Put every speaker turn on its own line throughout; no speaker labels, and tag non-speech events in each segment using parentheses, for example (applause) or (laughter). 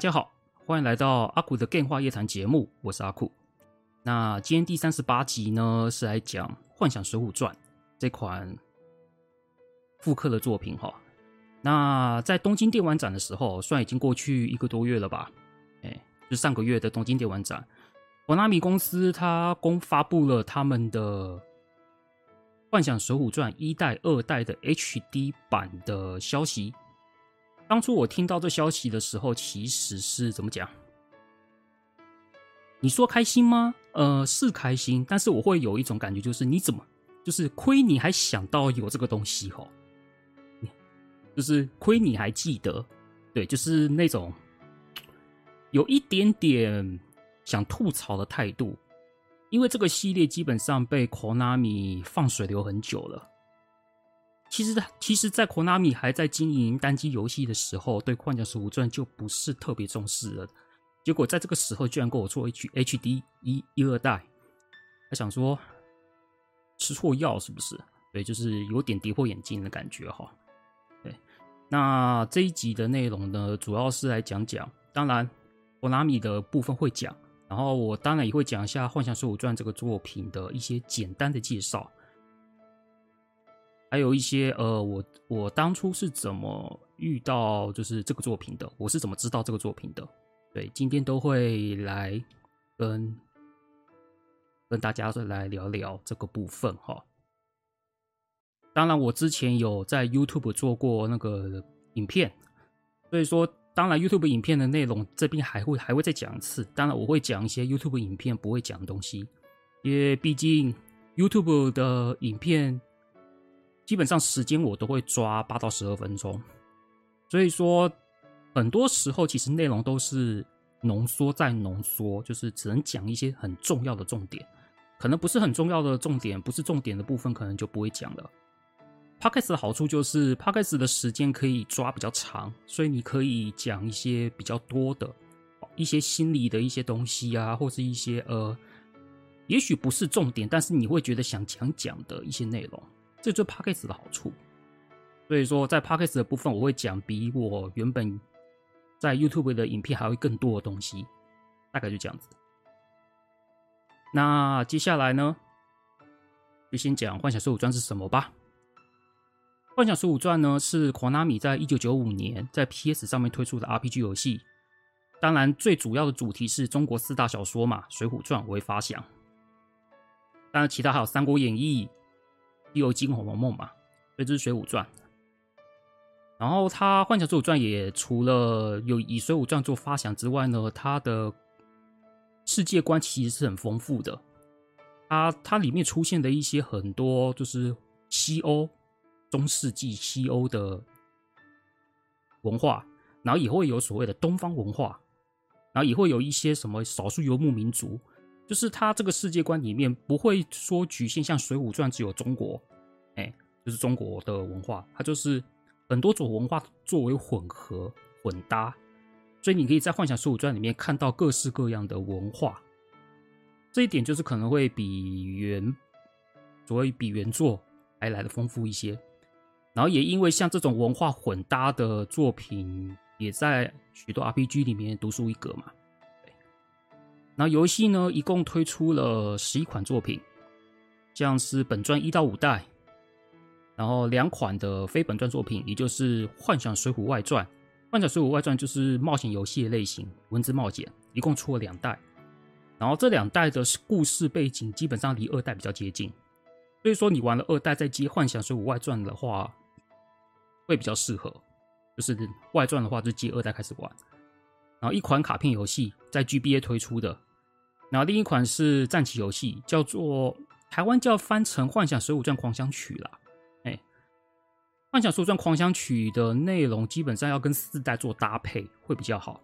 大家好，歡迎來到阿庫的《GAME 話夜談》節目，我是阿庫。那今天第三十八集呢，是來講《幻想水滸傳》這款復刻的作品哈。那在東京電玩展的時候，算已經過去一個多月了吧？哎、欸，就上個月的東京電玩展，KONAMI 公司它公發布了他們的《幻想水滸傳》一代、二代的 HD 版的消息。當初我聽到這消息的時候，其實是怎麼講？你說開心嗎？呃，是開心，但是我會有一種感覺，就是你怎麼，就是虧你還想到有這個東西吼，就是虧你還記得，對，就是那種有一點點想吐槽的態度，因為這個系列，基本上被 Konami 放水流很久了。其實，其實，在 KONAMI 還在經營單機遊戲的時候，對《幻想水滸傳》就不是特別重視了。結果在這個時候，居然給我做 H HD 一一二代，還想說吃錯藥是不是？對，就是有點跌破眼鏡的感覺哈。對，那這一集的內容呢，主要是來講講，當然 KONAMI 的部分會講，然後我當然也會講一下《幻想水滸傳》這個作品的一些簡單的介紹。還有一些呃，我我當初是怎麼遇到就是這個作品的？我是怎麼知道這個作品的？對，今天都會來跟跟大家來聊聊這個部分哈。當然，我之前有在 YouTube 做過那個影片，所以說當然 YouTube 影片的內容這邊還會還會再講一次。當然，我會講一些 YouTube 影片不會講的東西，因為畢竟 YouTube 的影片。基本上時間我都會抓八到十二分鐘，所以說很多時候其實內容都是濃縮再濃縮，就是只能講一些很重要的重點，可能不是很重要的重點，不是重點的部分可能就不會講了。Podcast 的好處就是 Podcast 的時間可以抓比較長，所以你可以講一些比較多的一些心理的一些東西啊，或是一些呃，也許不是重點，但是你會覺得想講講的一些內容。這就是 Podcast 的好處，所以說在 Podcast 的部分，我會講比我原本在 YouTube 的影片還要更多的東西，大概就這樣子。那接下來呢，就先講《幻想水滸傳》是什麼吧。《幻想水滸傳》呢是 KONAMI 在一九九五年在 PS 上面推出的 RPG 遊戲，當然最主要的主題是中國四大小說嘛，《水滸傳》為發想，當然其他還有《三國演義》。有《紅樓夢》嘛，所以這是《水滸傳》。然後他《幻想水滸傳》也除了有以《水滸傳》做發想之外呢，它的世界觀其實是很豐富的。它它裡面出現的一些很多就是西歐中世紀西歐的文化，然後，後也會有所謂的東方文化，然後也會有一些什麼少數游牧民族。就是它這個世界觀裡面不會說局限，像《水滸傳》只有中國，哎、欸，就是中國的文化，它就是很多種文化作為混合混搭，所以你可以在《幻想水滸傳》裡面看到各式各樣的文化，這一點就是可能會比原所謂比原作還來得豐富一些。然後也因為像這種文化混搭的作品，也在許多 RPG 裡面獨樹一格嘛。然後遊戲呢，一共推出了十一款作品，像是是本傳一到五代，然後兩款的非本傳作品，也就是《幻想水滸外傳》。《幻想水滸外傳》就是冒險遊戲的類型，文字冒險，一共出了兩代。然後這兩代的故事背景基本上離二代比較接近，所以說你玩了二代再接《幻想水滸外傳》的話，會比較適合。就是外傳的話，就接二代開始玩。然後一款卡片遊戲在 GBA 推出的。然後另一款是戰棋遊戲，叫做台灣叫翻成幻想水滸傳狂想曲啦、欸，《幻想水滸傳狂想曲》了。哎，《幻想水滸傳狂想曲》的內容基本上要跟四代做搭配會比較好，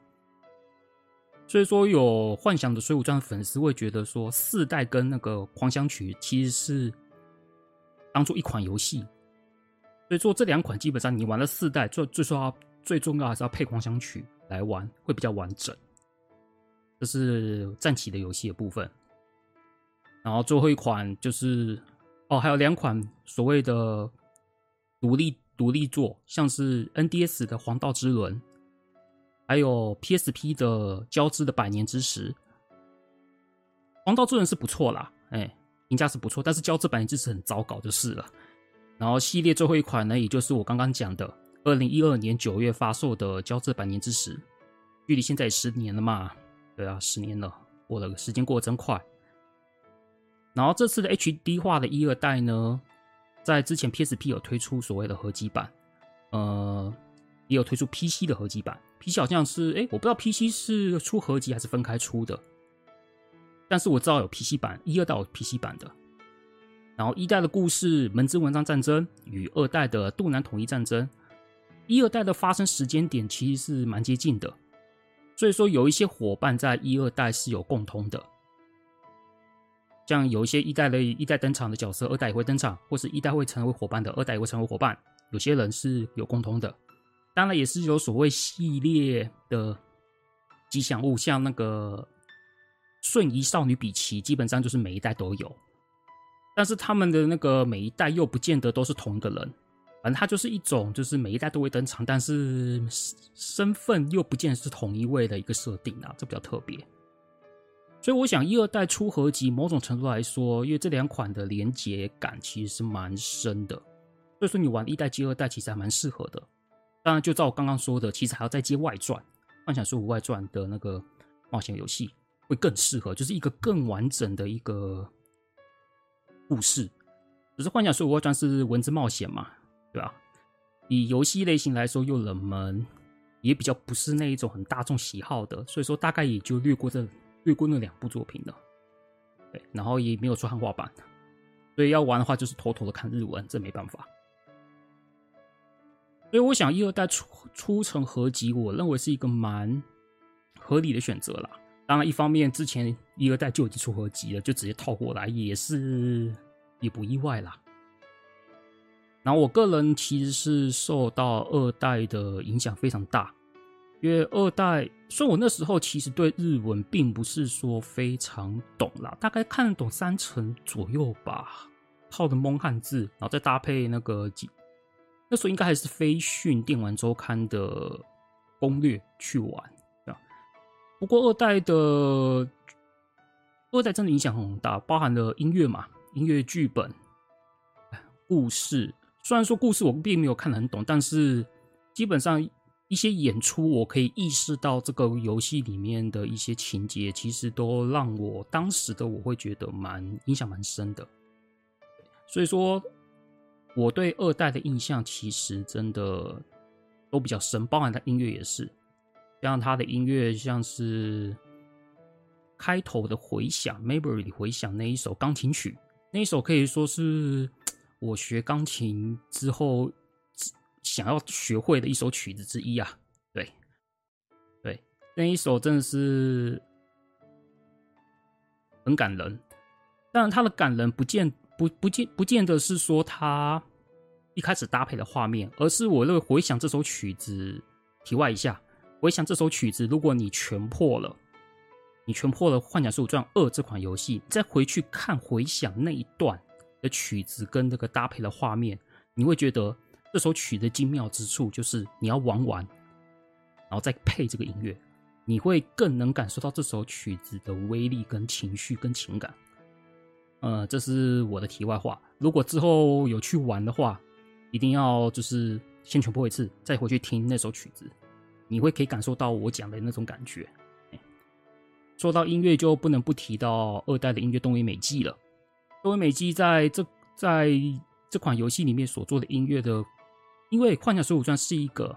所以說有《幻想的水滸傳》粉絲會覺得說，四代跟那個狂想曲其實是當做一款遊戲，所以說這兩款基本上你玩了四代，最最重要最重要還是要配狂想曲來玩會比較完整。這是戰棋的遊戲的部分，然後最後一款就是哦，還有兩款所謂的獨立獨立作，像是 NDS 的《黃道之輪》，還有 PSP 的《交織的百年之時》。黃道之輪是不錯啦，哎，評價是不錯，但是交織百年之時很糟糕就是了。然後系列最後一款呢，也就是我剛剛講的，二零一二年九月發售的《交織百年之時》，距離現在也十年了嘛。對啊，十年了，我的時間過得真快。然後這次的 HD 化的一二代呢，在之前 PSP 有推出所謂的合集版，呃，也有推出 PC 的合集版。PC 好像是，哎，我不知道 PC 是出合集還是分開出的，但是我知道有 PC 版，一二代有 PC 版的。然後一代的故事，門之紋章戰爭，與二代的多蘭統一戰爭，一二代的發生時間點其實是蠻接近的。所以說，有一些伙伴在一二代是有共通的，像有一些一代的、一代登場的角色，二代也會登場，或是一代會成為伙伴的，二代也會成為伙伴。有些人是有共通的，當然也是有所謂系列的吉祥物，像那個瞬移少女比奇，基本上就是每一代都有，但是他們的那個每一代又不見得都是同一個人。反正它就是一種，就是每一代都會登場，但是身份又不見得是同一位的一個設定啊，這比較特別。所以我想，一二代出合集，某種程度來說，因為這兩款的連結感其實是蠻深的，所以說你玩一代接二代其實還蠻適合的。當然，就照我剛剛說的，其實還要再接外傳《幻想水滸傳外傳》的那個冒險遊戲會更適合，就是一個更完整的一個故事。只是《幻想水滸傳外傳》是文字冒險嘛。對吧？以遊戲類型來說又冷門，也比較不是那一種很大眾喜好的，所以說大概也就略過這略過那兩部作品了。對，然後也沒有出漢化版，所以要玩的話就是偷偷的看日文，這沒辦法。所以我想一二代出出成合集，我認為是一個蠻合理的選擇啦，當然，一方面之前一二代就已經出合集了，就直接套過來也是也不意外啦。然後我個人其實是受到二代的影響非常大，因為二代，所以我那時候其實對日文並不是說非常懂啦，大概看得懂三成左右吧，靠的蒙漢字，然後再搭配那個幾，那時候應該還是飛訊電玩周刊的攻略去玩啊。不過二代的，二代真的影響很大，包含了音樂嘛、音樂劇本、故事。雖然說故事我並沒有看得很懂，但是基本上一些演出，我可以意識到這個遊戲裡面的一些情節，其實都讓我當時的我會覺得蠻印象蠻深的。所以說，我對二代的印象其實真的都比較深，包含他音樂也是，像他的音樂，像是開頭的回響《Memory》回響那一首鋼琴曲，那一首可以說是。我學鋼琴之後，想要學會的一首曲子之一啊，對，對，那一首真的是很感人。當然，它的感人不見不不不見不見得是說它一開始搭配的畫面，而是我認為回想這首曲子，題外一下，回想這首曲子，如果你全破了，你全破了《幻想水滸傳二》這款遊戲，再回去看回想那一段。曲子跟那個搭配的畫面，你會覺得這首曲的精妙之處就是你要玩完，然後再配這個音樂，你會更能感受到這首曲子的威力、跟情緒、跟情感。呃、嗯，這是我的題外話。如果之後有去玩的話，一定要就是先全部一次，再回去聽那首曲子，你會可以感受到我講的那種感覺。說到音樂，就不能不提到二代的音樂東野美紀了。因為東野美紀在這在這款遊戲裡面所做的音樂的，因為《幻想水滸傳》是一個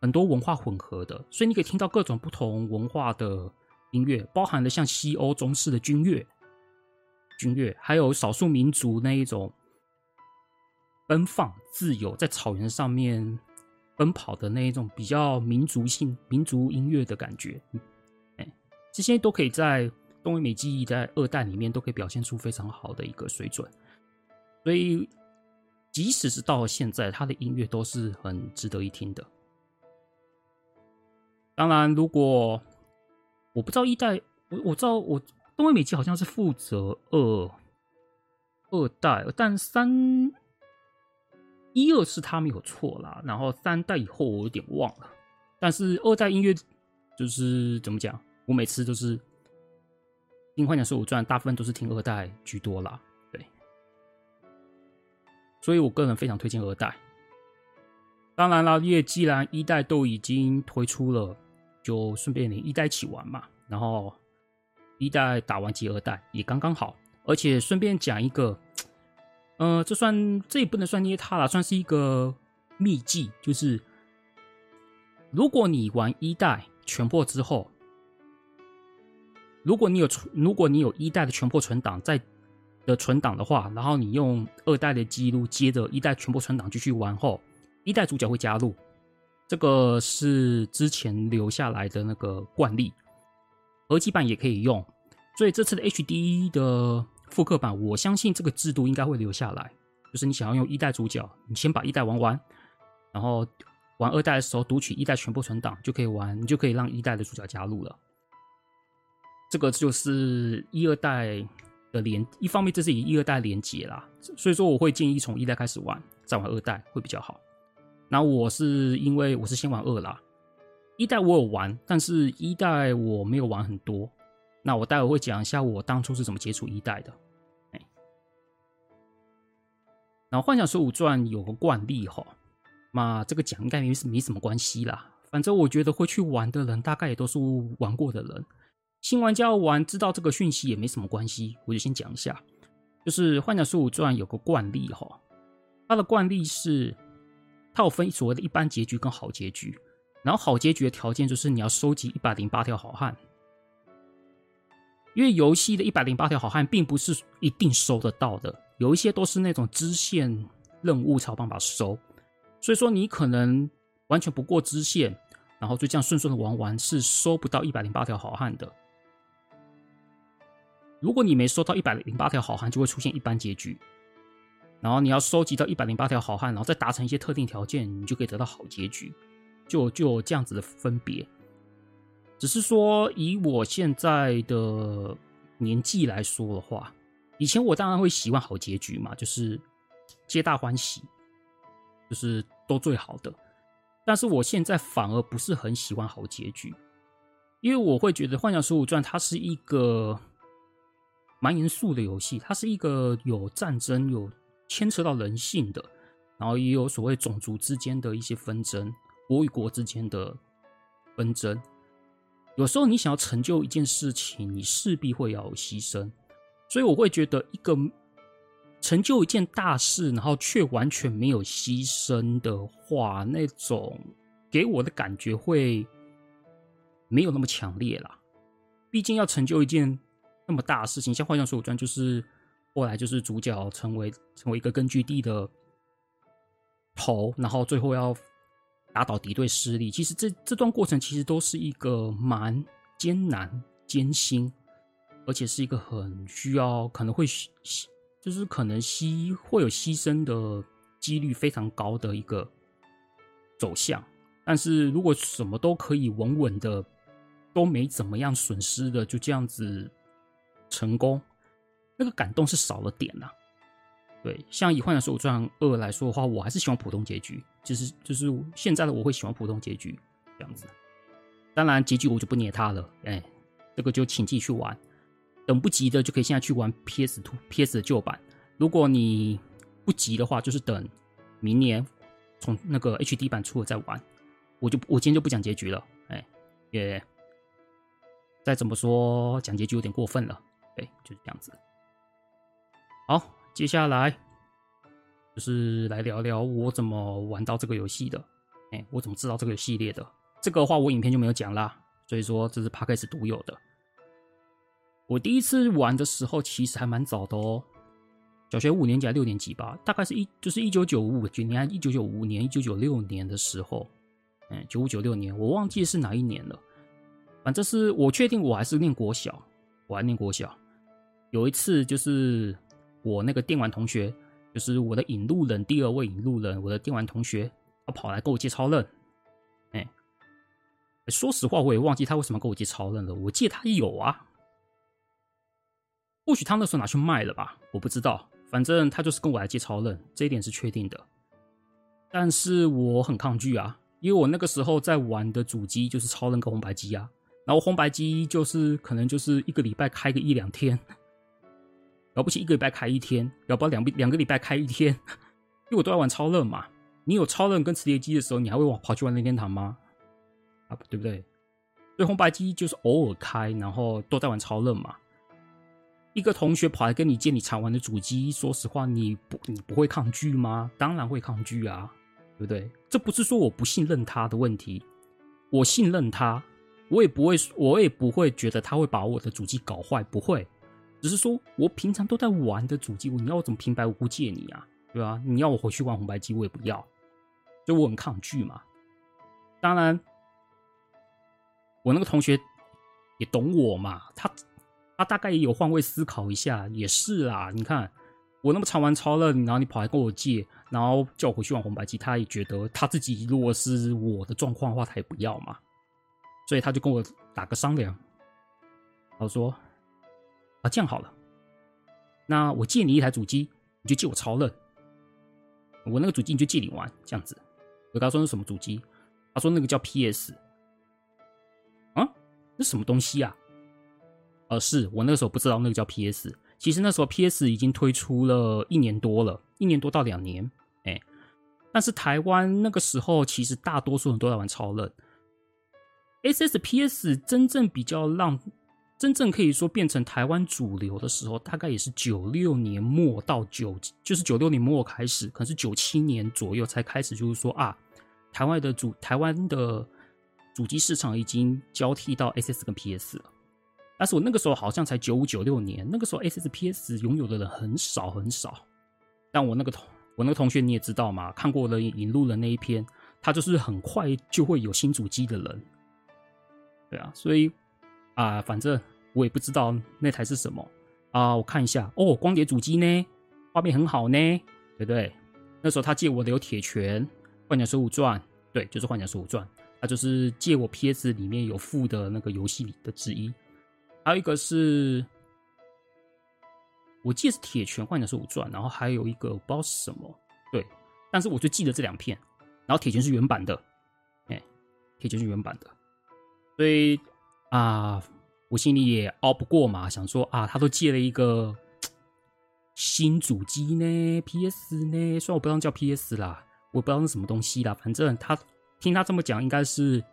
很多文化混合的，所以你可以聽到各種不同文化的音樂，包含了像西歐中式的軍樂、軍樂，還有少數民族那一種奔放、自由，在草原上面奔跑的那一種比較民族性、民族音樂的感覺，哎，這些都可以在。東威美，美記在二代裡面都可以表現出非常好的一個水準，所以即使是到現在，他的音樂都是很值得一聽的。當然，如果我不知道一代，我我知道我東威美，美記好像是負責二二代，但三一二是他沒有錯啦，然後三代以後我有點忘了。但是二代音樂就是怎麼講，我每次都、就是。幻想水滸傳大部分都是聽二代居多啦，對，所以我個人非常推薦二代。當然啦，因為既然一代都已經推出了，就順便連一代一起玩嘛。然後一代打完接二代也剛剛好，而且順便講一個，呃，這算這也不能算捏他啦，算是一個秘技，就是如果你玩一代全破之後。如果你有存，如果你有一代的全破存檔在的存檔的話，然後你用二代的記錄接着一代全破存檔繼續玩後，一代主角會加入。這個是之前留下來的那個慣例，合集版也可以用。所以這次的 HD 的復刻版，我相信這個制度應該會留下來。就是你想要用一代主角，你先把一代玩完，然後玩二代的時候讀取一代全破存檔就可以玩，你就可以讓一代的主角加入了。這個就是一二代的連，一方面這是以一二代連接啦，所以說我會建議從一代開始玩，再玩二代會比較好。那我是因為我是先玩二啦，一代我有玩，但是一代我沒有玩很多。那我待會會講一下我當初是怎麼接觸一代的、哎。然後《幻想水滸傳》有個慣例哈，那這個講應該沒什麼，沒什麼關係啦，反正我覺得會去玩的人，大概也都是玩過的人。新玩家玩知道這個訊息也沒什麼關係，我就先講一下。就是《幻想水滸傳》有個慣例哈，它的慣例是它有分所謂的一般結局跟好結局，然後好結局的條件就是你要收集一百零八條好漢。因為遊戲的一百零八條好漢並不是一定收得到的，有一些都是那種支線任務才有辦法收，所以說你可能完全不過支線，然後就這樣順順的玩完是收不到一百零八條好漢的。如果你沒收到一百零八條好漢，就會出現一般結局。然後你要收集到一百零八條好漢，然後再達成一些特定條件，你就可以得到好結局。就就這樣子的分別。只是說，以我現在的年紀來說的話，以前我當然會喜歡好結局嘛，就是皆大歡喜，就是都最好的。但是我現在反而不是很喜歡好結局，因為我會覺得《幻想水滸傳》它是一個。蠻嚴肅的遊戲，它是一個有戰爭、有牽扯到人性的，然後也有所謂種族之間的一些紛爭、國與國之間的紛爭。有時候你想要成就一件事情，你勢必會要犧牲。所以我會覺得，一個成就一件大事，然後卻完全沒有犧牲的話，那種給我的感覺會沒有那麼強烈啦。畢竟要成就一件。那麼大的事情，像《幻想水滸傳》就是，後來就是主角成為成為一個根據地的頭，然後最後要打倒敵對勢力。其實這這段過程其實都是一個蠻艱難、艱辛，而且是一個很需要可能會犧，就是可能犧會有犧牲的幾率非常高的一個走向。但是如果什麼都可以穩穩的，都沒怎麼樣損失的，就這樣子。成功，那個感動是少了點吶、啊。對，像《幻想水滸傳二》來說的話，我還是喜歡普通結局。就是就是現在的我會喜歡普通結局這樣子。當然，結局我就不捏它了。哎，這個就請繼續去玩。等不及的就可以現在去玩 PS Two PS 的舊版。如果你不急的話，就是等明年從那個 HD 版出了再玩。我就我今天就不講結局了。哎，也再怎麼說講結局有點過分了。對，就是這樣子。好，接下來就是來聊聊我怎麼玩到這個遊戲的。哎，我怎麼知道這個系列的？這個的話我影片就沒有講啦。所以說，這是 Podcast 獨有的。我第一次玩的時候，其實還蠻早的哦、喔，小學五年級還是六年級吧，大概是一就是一九九五幾年，一九九五年、一九九六年的時候，嗯，九五九六年，我忘記是哪一年了。反正是我確定我還是念國小，我還念國小。有一次，就是我那個電玩同學，就是我的引路人，第二位引路人，我的電玩同學，他跑來跟我借超任。哎，說實話，我也忘記他為什麼跟我借超任了。我記得他有啊，或許他那時候拿去賣了吧，我不知道。反正他就是跟我來借超任，這一點是確定的。但是我很抗拒啊，因為我那個時候在玩的主機就是超任跟紅白機啊，然後紅白機就是可能就是一個禮拜開個一兩天。了不起一個禮拜開一天，要不兩兩個禮拜開一天，因為我都在玩超任嘛。你有超任跟磁碟機的時候，你還會跑跑去玩任天堂嗎？啊，對不對？所以紅白機就是偶爾開，然後都在玩超任嘛。一個同學跑來跟你借你常玩的主機，說實話，你不你不會抗拒嗎？當然會抗拒啊，對不對？這不是說我不信任他的問題，我信任他，我也不會，我也不會覺得他會把我的主機搞壞，不會。只是說，我平常都在玩的主機，你要我怎麼平白無故借你啊？對吧、啊？你要我回去玩紅白機，我也不要，就我很抗拒嘛。當然，我那個同學也懂我嘛，他他大概也有換位思考一下，也是啊。你看我那麼常玩超樂，然後你跑來跟我借，然後叫我回去玩紅白機，他也覺得他自己如果是我的狀況的話，他也不要嘛。所以他就跟我打個商量，他說。啊，這樣好了，那我借你一台主機，你就借我超任，我那個主機你就借你玩，這樣子。我告他說是什麼主機？他說那個叫 PS。啊，那什麼東西啊？呃、啊，是我那個時候不知道那個叫 PS。其實那時候 PS 已經推出了一年多了，一年多到兩年。哎、欸，但是台灣那個時候其實大多數人都在玩超任。S S P S 真正比較讓。真正可以說變成台灣主流的時候，大概也是九六年末到九，就是九六年末開始，可能是九七年左右才開始，就是說啊，台灣的主台灣的主機市場已經交替到 S S 跟 P S 了。但是我那個時候好像才九五九六年，那個時候 S S P S 擁有的人很少很少。但我那個同我那個同學你也知道嘛，看過了引錄了那一篇，他就是很快就會有新主機的人。對啊，所以啊、呃，反正。我也不知道那台是什麼啊！我看一下哦，光碟主機呢，畫面很好呢，對不對，對？那時候他借我的有《鐵拳》、《幻想水滸傳》，對，就是《幻想水滸傳》，他就是借我 PS 裡面有附的那個遊戲裡的之一。還有一個是我記得是《鐵拳》、《幻想水滸傳》，然後還有一個不知道是什麼，對，但是我就記得這兩片。然後《鐵拳》是原版的，哎，《鐵拳》是原版的，所以啊。我心裡也拗不過嘛，想說啊，他都借了一個新主機呢，PS 呢，雖然我不知道叫 PS 啦，我不知道是什麼東西啦，反正他聽他這麼講，應該是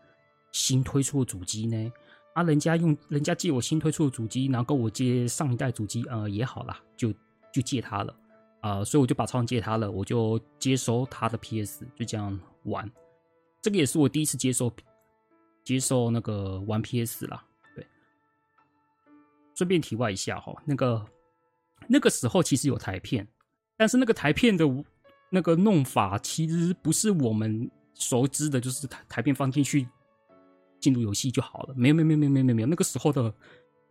新推出的主機呢。啊，人家用人家借我新推出的主機，然後跟我借上一代主機，呃，也好啦，就就借他了啊，呃，所以我就把超任借他了，我就接收他的 PS，就這樣玩。這個也是我第一次接受接受那個玩 PS 啦。順便提外一下哈，那個那個時候其實有台片，但是那個台片的那個弄法，其實不是我們熟知的，就是台台片放進去進入遊戲就好了。沒有沒有沒有沒有沒有，那個時候的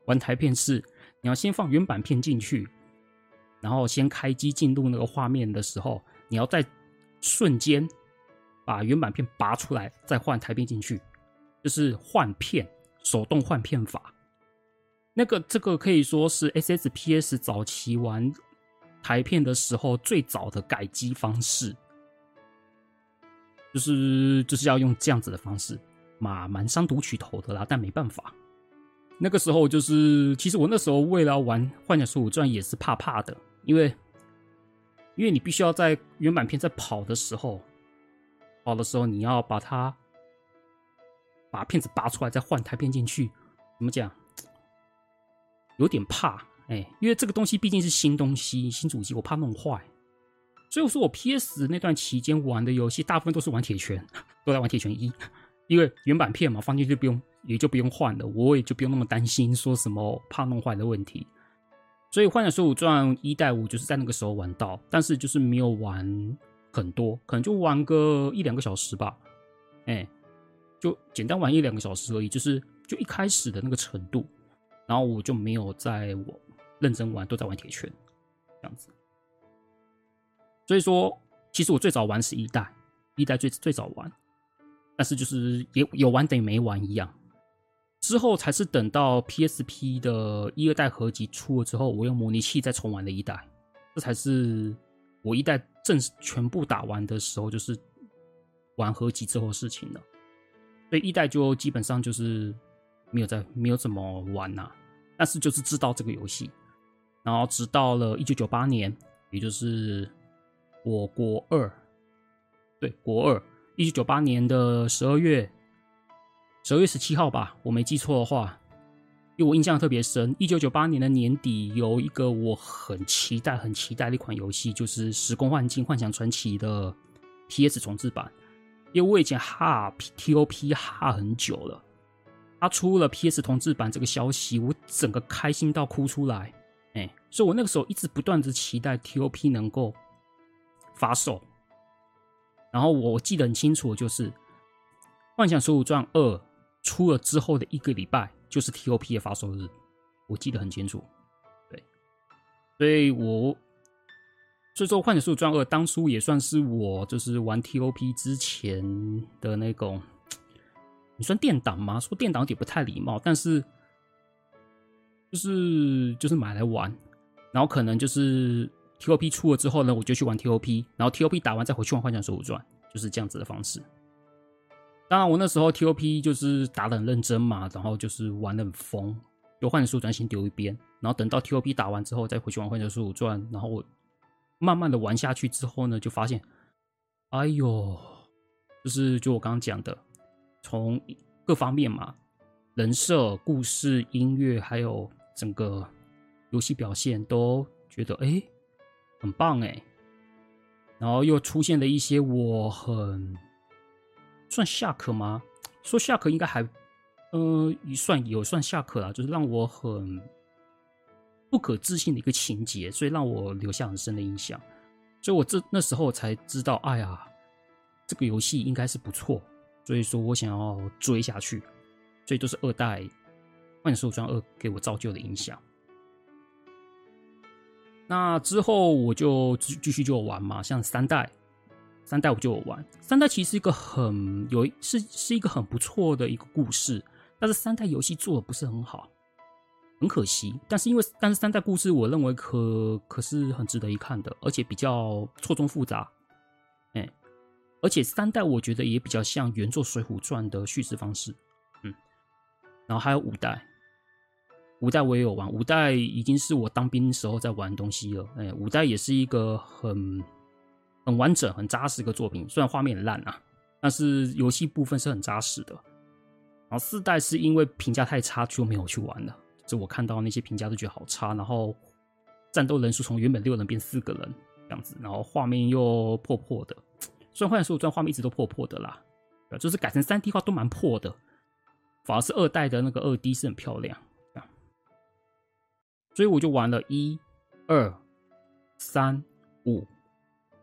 玩台片是你要先放原版片進去，然後先開機進入那個畫面的時候，你要在瞬間把原版片拔出來，再換台片進去，就是換片手動換片法。那個這個可以說是 SSPS 早期玩台片的時候最早的改機方式，就是就是要用這樣子的方式嘛，嘛蠻傷讀取頭的啦，但沒辦法，那個時候就是其實我那時候為了玩《幻想水滸傳》也是怕怕的，因為因為你必須要在原版片在跑的時候，跑的時候你要把它把片子拔出來再換台片進去，怎麼講？有點怕，哎、欸，因為這個東西畢竟是新東西，新主機，我怕弄壞，所以我說我 PS 那段期間玩的遊戲，大部分都是玩鐵拳呵呵，都在玩鐵拳一，因為原版片嘛，放進去不用，也就不用換了，我也就不用那麼擔心說什麼怕弄壞的問題。所以《幻想水滸傳》一代五就是在那個時候玩到，但是就是沒有玩很多，可能就玩個一兩個小時吧，哎、欸，就簡單玩一兩個小時而已，就是就一開始的那個程度。然後我就沒有在我認真玩，都在玩鐵拳，這樣子。所以說，其實我最早玩是一代，一代最最早玩，但是就是也有玩等於沒玩一樣。之後才是等到 PSP 的一二代合集出了之後，我用模擬器再重玩了一代，這才是我一代正全部打完的時候，就是玩合集之後的事情了。所以一代就基本上就是。沒有在，沒有怎麼玩吶、啊，但是就是知道這個遊戲。然後，直到了一九九八年，也就是我國，國二，對國二，一九九八年的十二月，十二月十七號吧，我沒記錯的話，因為我印象特別深。一九九八年的年底，有一個我很期待、很期待的一款遊戲，就是《時空幻境：幻想傳奇》的 PS 重製版，因為我以前哈 TOP 哈很久了。他出了 PS 同志版，這個消息，我整個開心到哭出來。哎，所以我那個時候一直不斷的期待 TOP 能夠發售。然後我記得很清楚，就是《幻想水滸傳二》出了之後的一個禮拜，就是 TOP 的發售日，我記得很清楚。對，所以我所以說，《幻想水滸傳二》當初也算是我就是玩 TOP 之前的那種。你算電檔嗎？說電檔也不太禮貌，但是就是就是買來玩，然後可能就是 TOP 出了之後呢，我就去玩 TOP，然後 TOP 打完再回去玩幻想水滸傳，就是這樣子的方式。當然，我那時候 TOP 就是打的很認真嘛，然後就是玩的很瘋，就幻想水滸傳先丟一邊，然後等到 TOP 打完之後再回去玩幻想水滸傳，然後我慢慢的玩下去之後呢，就發現，哎呦，就是就我剛剛講的。從各方面嘛，人設、故事、音樂、還有整個遊戲表現，都覺得哎、欸、很棒哎、欸。然後又出現了一些我很算下課嗎？說下課應該還嗯一、呃、算有算下課了，就是讓我很不可置信的一個情節，所以讓我留下很深的印象。所以我這那時候才知道，哎呀，這個遊戲應該是不錯。所以說，我想要追下去，所以都是二代《幻想水滸傳二》給我造就的影響。那之後我就繼續就有玩嘛，像三代，三代我就有玩。三代其實是一個很有是是一個很不錯的一個故事，但是三代遊戲做的不是很好，很可惜。但是因為但是三代故事，我認為可可是很值得一看的，而且比較錯綜複雜。而且三代我覺得也比較像原作《水滸傳》的敘事方式，嗯，然後還有五代，五代我也有玩，五代已經是我當兵時候在玩東西了，哎，五代也是一個很很完整、很扎實的作品，雖然畫面很爛啊，但是遊戲部分是很扎實的。然後四代是因為評價太差，就沒有去玩了。這我看到那些評價都覺得好差，然後戰鬥人數從原本六人變四個人這樣子，然後畫面又破破的。《幻想水滸傳》畫面一直都破破的啦，呃，就是改成三 D 化都蠻破的，反而是二代的那個二 D 是很漂亮。所以我就玩了一二三五，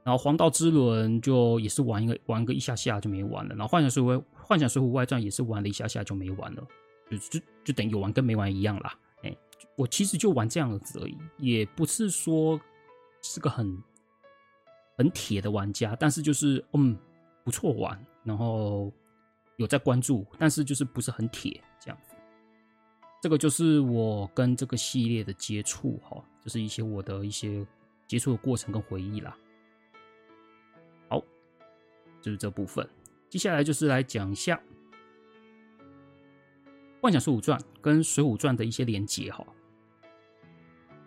然後《黃道之輪》就也是玩一個玩一個一下下就沒玩了，然後《幻想水滸》《幻想水滸外傳》也是玩了一下下就沒玩了，就就就等於有玩跟沒玩一樣啦。哎，我其實就玩這樣子而已，也不是說是個很很鐵的玩家，但是就是嗯，不錯玩，然後有在關注，但是就是不是很鐵這樣子。這個就是我跟這個系列的接觸哈、哦，就是一些我的一些接觸的過程跟回憶啦。好，就是這部分，接下來就是來講一下《幻想水滸傳》跟《水滸傳》的一些連接哈、哦，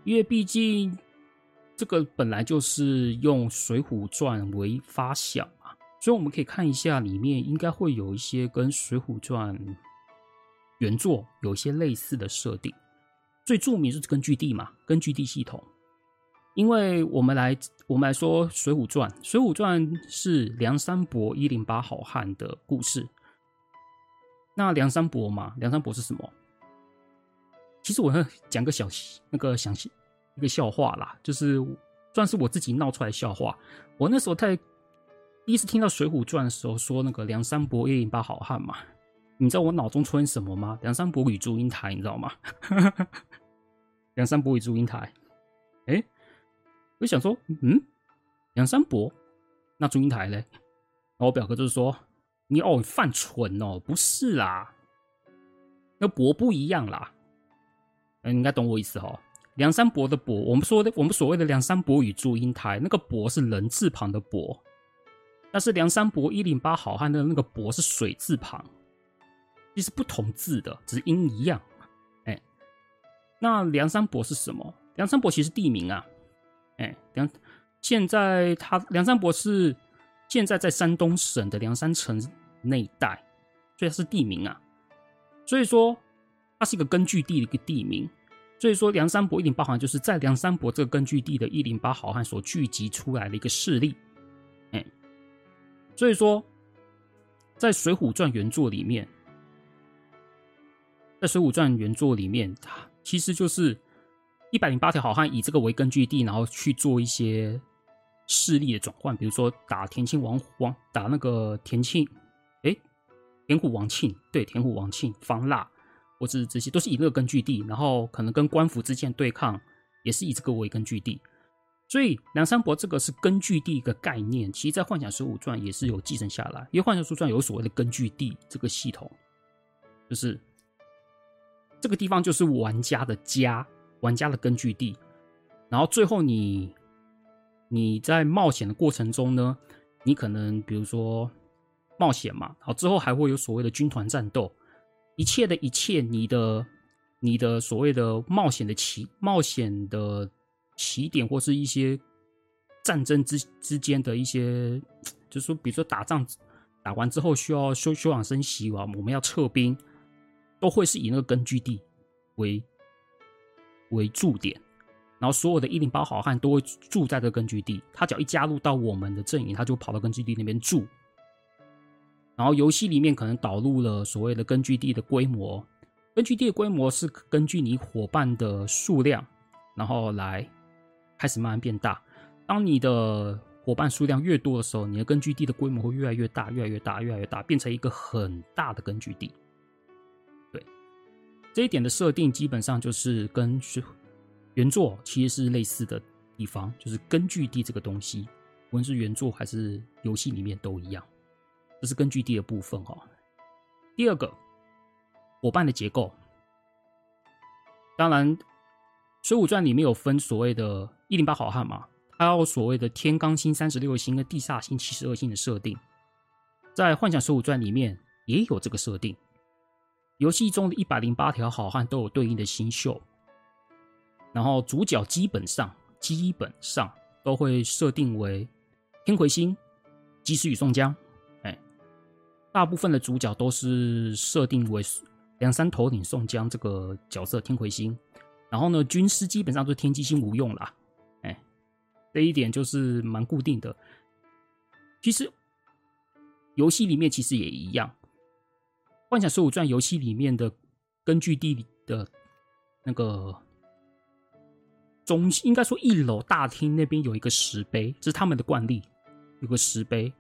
因為畢竟。這個本來就是用水滸傳為發想啊，所以我們可以看一下裡面應該會有一些跟水滸傳原作有一些類似的設定。最著名是根據地嘛，根據地系統。因為我們來我們來說水滸傳，水滸傳是梁山泊一零八好漢的故事。那梁山泊嘛，梁山泊是什麼？其實我要講個小那個詳細。一個笑話啦，就是算是我自己鬧出來的笑話。我那時候太第一次聽到《水滸傳》的時候，說那個梁山伯，一百零八好漢嘛，你知道我腦中出現什麼嗎？梁山伯與祝英台，你知道嗎？ (laughs) 梁山伯與祝英台。欸，哎，我想說，嗯，梁山伯，那祝英台嘞？然後我表哥就是說，你哦，你犯蠢哦，不是啦，那伯不一樣啦，嗯，你應該懂我意思哦。梁山伯的“伯”，我們說的我們所謂的梁山伯與祝英台，那個“伯”是人字旁的“伯”，但是梁山伯一零八好漢的那個“伯”是水字旁，其實不同字的，只是音一樣。哎，那梁山伯是什麼？梁山伯其實是地名啊，欸，哎，梁現在他梁山伯是現在在山東省的梁山城那一帶，所以它是地名啊，所以說它是一個根據地的一個地名。所以說，梁山泊一零八好漢就是在梁山泊這個根據地的一零八好漢所聚集出來的一個勢力，哎，所以說，在《水滸傳》原作裡面，在《水滸傳》原作裡面，它其實就是一百零八條好漢以這個為根據地，然後去做一些勢力的轉換，比如說打田慶王王，打那個田慶，哎，田虎王慶，對，田虎王慶方臘。或者是這些，都是一個根據地，然後可能跟官府之間對抗，也是以這個為根據地。所以梁山泊這個是根據地一個概念，其實在《幻想水滸傳》也是有繼承下來，因為《幻想水滸傳》有所謂的根據地這個系統，就是這個地方就是玩家的家，玩家的根據地。然後最後你你在冒險的過程中呢，你可能比如說冒險嘛，好之後還會有所謂的軍團戰鬥。一切的一切，你的、你的所謂的冒險的起冒險的起點，或是一些戰爭之之間的一些，就是說，比如說打仗打完之後需要休休養生息吧，我們要撤兵，都會是以那個根據地為為駐點，然後所有的一零八好漢都會住在這根據地。他只要一加入到我們的陣營，他就跑到根據地那邊住。然後遊戲裡面可能導入了所謂的根據地的規模，根據地的規模是根據你夥伴的數量，然後來開始慢慢變大。當你的夥伴數量越多的時候，你的根據地的規模會越來越大，越來越大，越來越大，變成一個很大的根據地。對，這一點的設定基本上就是跟原作其實是類似的地方，就是根據地這個東西，無論是原作還是遊戲裡面都一樣。這是根據地的部分哈、喔。第二個，夥伴的結構。當然，《水滸傳》裡面有分所謂的“一零八好漢”嘛，還有所謂的“天罡星”三十六星跟“地煞星”七十二星的設定。在《幻想水滸傳》裡面也有這個設定。遊戲中的一百零八條好漢都有對應的星宿。然後主角基本上基本上都會設定為天魁星及時雨宋江。大部分的主角都是設定為梁山頭領宋江這個角色天魁星，然後呢，軍師基本上就是天機星吳用了。哎，這一點就是蠻固定的。其實遊戲裡面其實也一樣，《幻想水滸傳》遊戲裡面的根據地的，那個總應該說一樓大廳那邊有一個石碑，這是他們的慣例，有個石碑。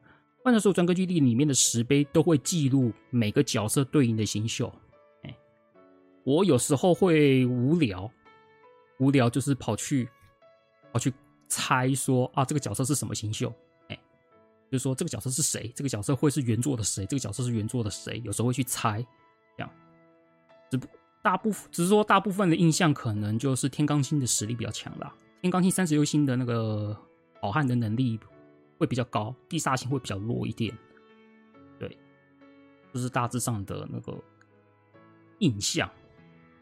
萬壽村根據地裡面的石碑都會記錄每個角色對應的星宿。哎、欸，我有時候會無聊，無聊就是跑去跑去猜說啊，這個角色是什麼星宿？哎、欸，就是、說這個角色是誰？這個角色會是原作的誰？這個角色是原作的誰？有時候會去猜，這樣。只不大部分，只是說大部分的印象可能就是天罡星的實力比較強啦，天罡星三十六星的那個好漢的能力。會比較高，地煞星會比較弱一點，對，就是大致上的那個印象。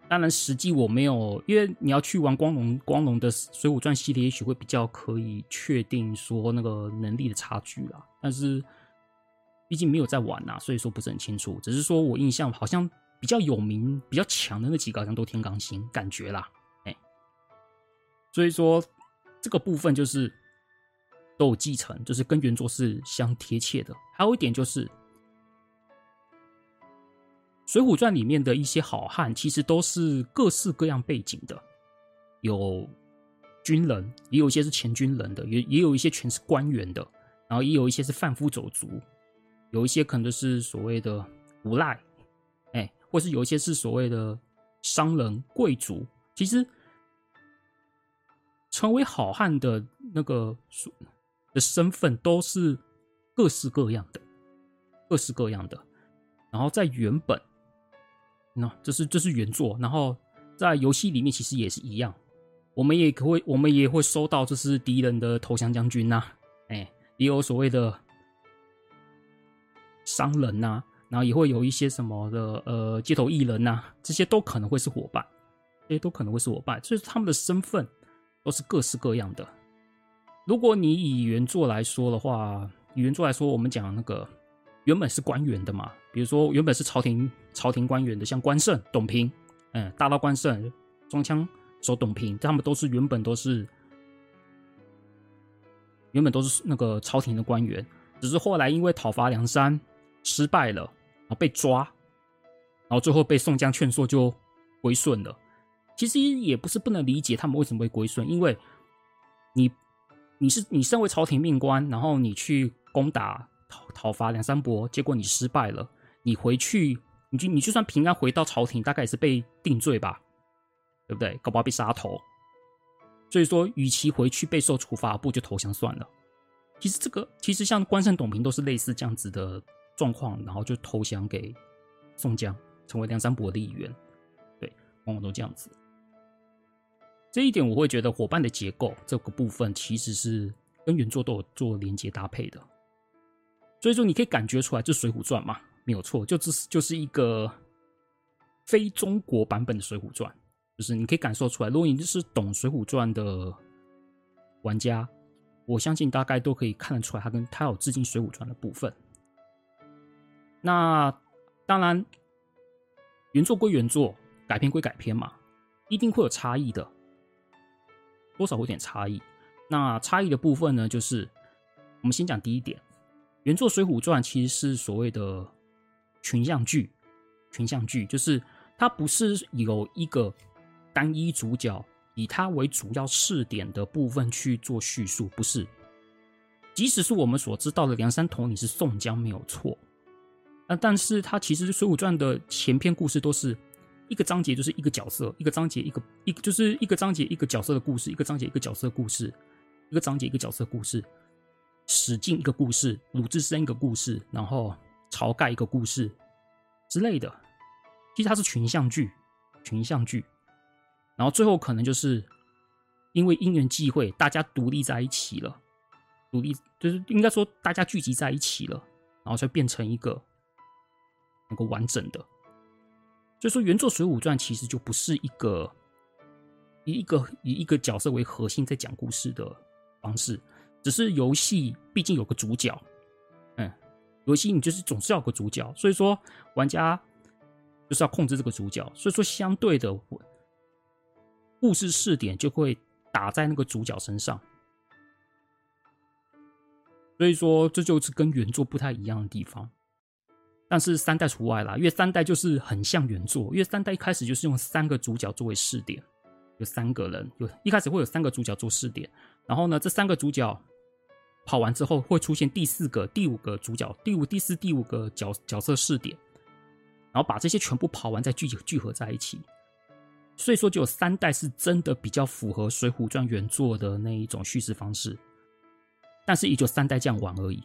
當然，實際我沒有，因為你要去玩光《光榮光榮的水滸傳》系列，也許會比較可以確定說那個能力的差距啊。但是畢竟沒有在玩吶，所以說不是很清楚。只是說我印象好像比較有名、比較強的那幾個好像都天罡星感覺啦，哎、欸，所以說這個部分就是。都有繼承，就是跟原作是相貼切的。還有一點就是，《水滸傳》裡面的一些好漢，其實都是各式各樣背景的，有軍人，也有一些是前軍人的，也也有一些全是官員的，然後也有一些是販夫走卒，有一些可能就是所謂的無賴，哎，或是有一些是所謂的商人、貴族。其實，成為好漢的那個。的身份都是各式各樣的，各式各樣的。然後在原本，那這是這是原作。然後在遊戲裡面，其實也是一樣，我們也會我們也會收到，就是敵人的投降將軍吶、啊，哎，也有所謂的商人吶、啊，然後也會有一些什麼的，呃，街頭藝人吶、啊，這些都可能會是伙伴，這些都可能會是伙伴。所以他們的身份都是各式各樣的。如果你以原作來說的話，以原作來說，我們講那個原本是官員的嘛，比如說原本是朝廷朝廷官員的，像關勝、董平，嗯，大刀關勝、雙槍手董平，他們都是原本都是原本都是那個朝廷的官員，只是後來因為討伐梁山失敗了啊，被抓，然後最後被宋江勸說就歸順了。其實也不是不能理解他們為什麼會歸順，因為你。你是你身為朝廷命官，然後你去攻打討討伐梁山泊，結果你失敗了，你回去，你就你就算平安回到朝廷，大概也是被定罪吧，對不對？搞不好被殺頭。所以說，與其回去備受處罰，不就投降算了？其實這個其實像關勝、董平都是類似這樣子的狀況，然後就投降給宋江，成為梁山泊的一員，對，往往都這樣子。這一點我會覺得夥伴的結構這個部分其實是跟原作都有做連接搭配的，所以說你可以感覺出來，這《水滸傳》嘛，沒有錯，就只是就是一個非中國版本的《水滸傳》，就是你可以感受出來。如果你就是懂《水滸傳》的玩家，我相信大概都可以看得出來，它跟它有致敬《水滸傳》的部分。那當然，原作歸原作，改編歸改編嘛，一定會有差異的。多少有點差異。那差異的部分呢，就是我們先講第一點，原作《水滸傳》其實是所謂的群像劇。群像劇就是它不是有一個單一主角，以他為主要視點的部分去做敘述，不是。即使是我們所知道的梁山統領是宋江沒有錯，啊，但是他其實《水滸傳》的前篇故事都是。一個章節就是一個角色，一個章節一個一就是一個章節一個角色的故事，一個章節一個角色的故事，一個章節一個角色的故事，史進一個故事，魯智深一個故事，然後晁蓋一個故事之類的。其實它是群像劇，群像劇。然後最後可能就是因為因緣際會，大家獨立在一起了，獨立就是應該說大家聚集在一起了，然後才變成一個能夠完整的。所以說，原作《水滸傳》其實就不是一個以一個以一個角色為核心在講故事的方式。只是遊戲畢竟有個主角，嗯，遊戲你就是總是要有個主角，所以說玩家就是要控制這個主角，所以說相對的故事視點就會打在那個主角身上。所以說，這就是跟原作不太一樣的地方。但是三代除外啦，因為三代就是很像原作，因為三代一開始就是用三個主角作為視點，有三個人，有一開始會有三個主角做視點，然後呢，這三個主角跑完之後會出現第四個、第五個主角，第五、第四、第五個角角色視點，然後把這些全部跑完再聚集聚合在一起，所以說就有三代是真的比較符合《水滸傳》原作的那一種敘事方式，但是也就三代這樣玩而已。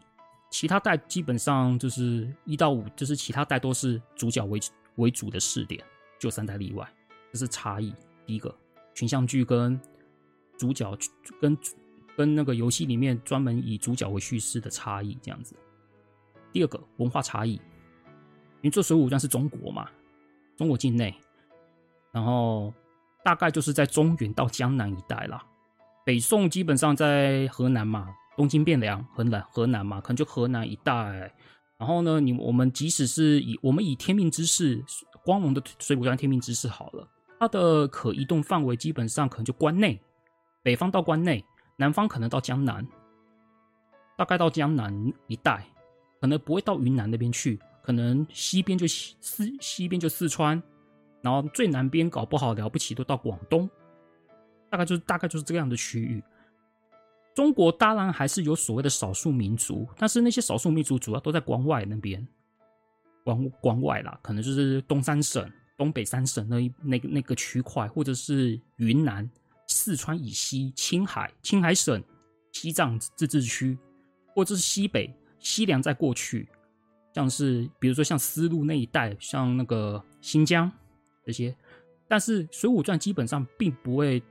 其他代基本上就是一到五，就是其他代都是主角為為主的視點，就三代例外，這、就是差異。第一個群像劇跟主角跟跟那個遊戲裡面專門以主角為敘事的差異，這樣子。第二個文化差異，因為這水滸傳是中國嘛，中國境內，然後大概就是在中原到江南一帶啦。北宋基本上在河南嘛。東京汴梁，河南，河南嘛，可能就河南一帶。然後呢，你我們即使是以我們以天命之誓，光榮的水滸傳天命之誓好了，它的可移動範圍基本上可能就關內，北方到關內，南方可能到江南，大概到江南一帶，可能不會到雲南那邊去，可能西邊就西四，西邊就四川，然後最南邊搞不好了不起都到廣東，大概就是大概就是這個樣的區域。中國當然還是有所謂的少數民族，但是那些少數民族主要都在關外那邊，關、關外啦，可能就是東三省、東北三省那那那個區塊，或者是雲南、四川以西、青海、青海省、西藏自治區，或者是西北、西涼，在過去，像是比如說像絲路那一帶，像那個新疆這些，但是《水滸傳》基本上並不會。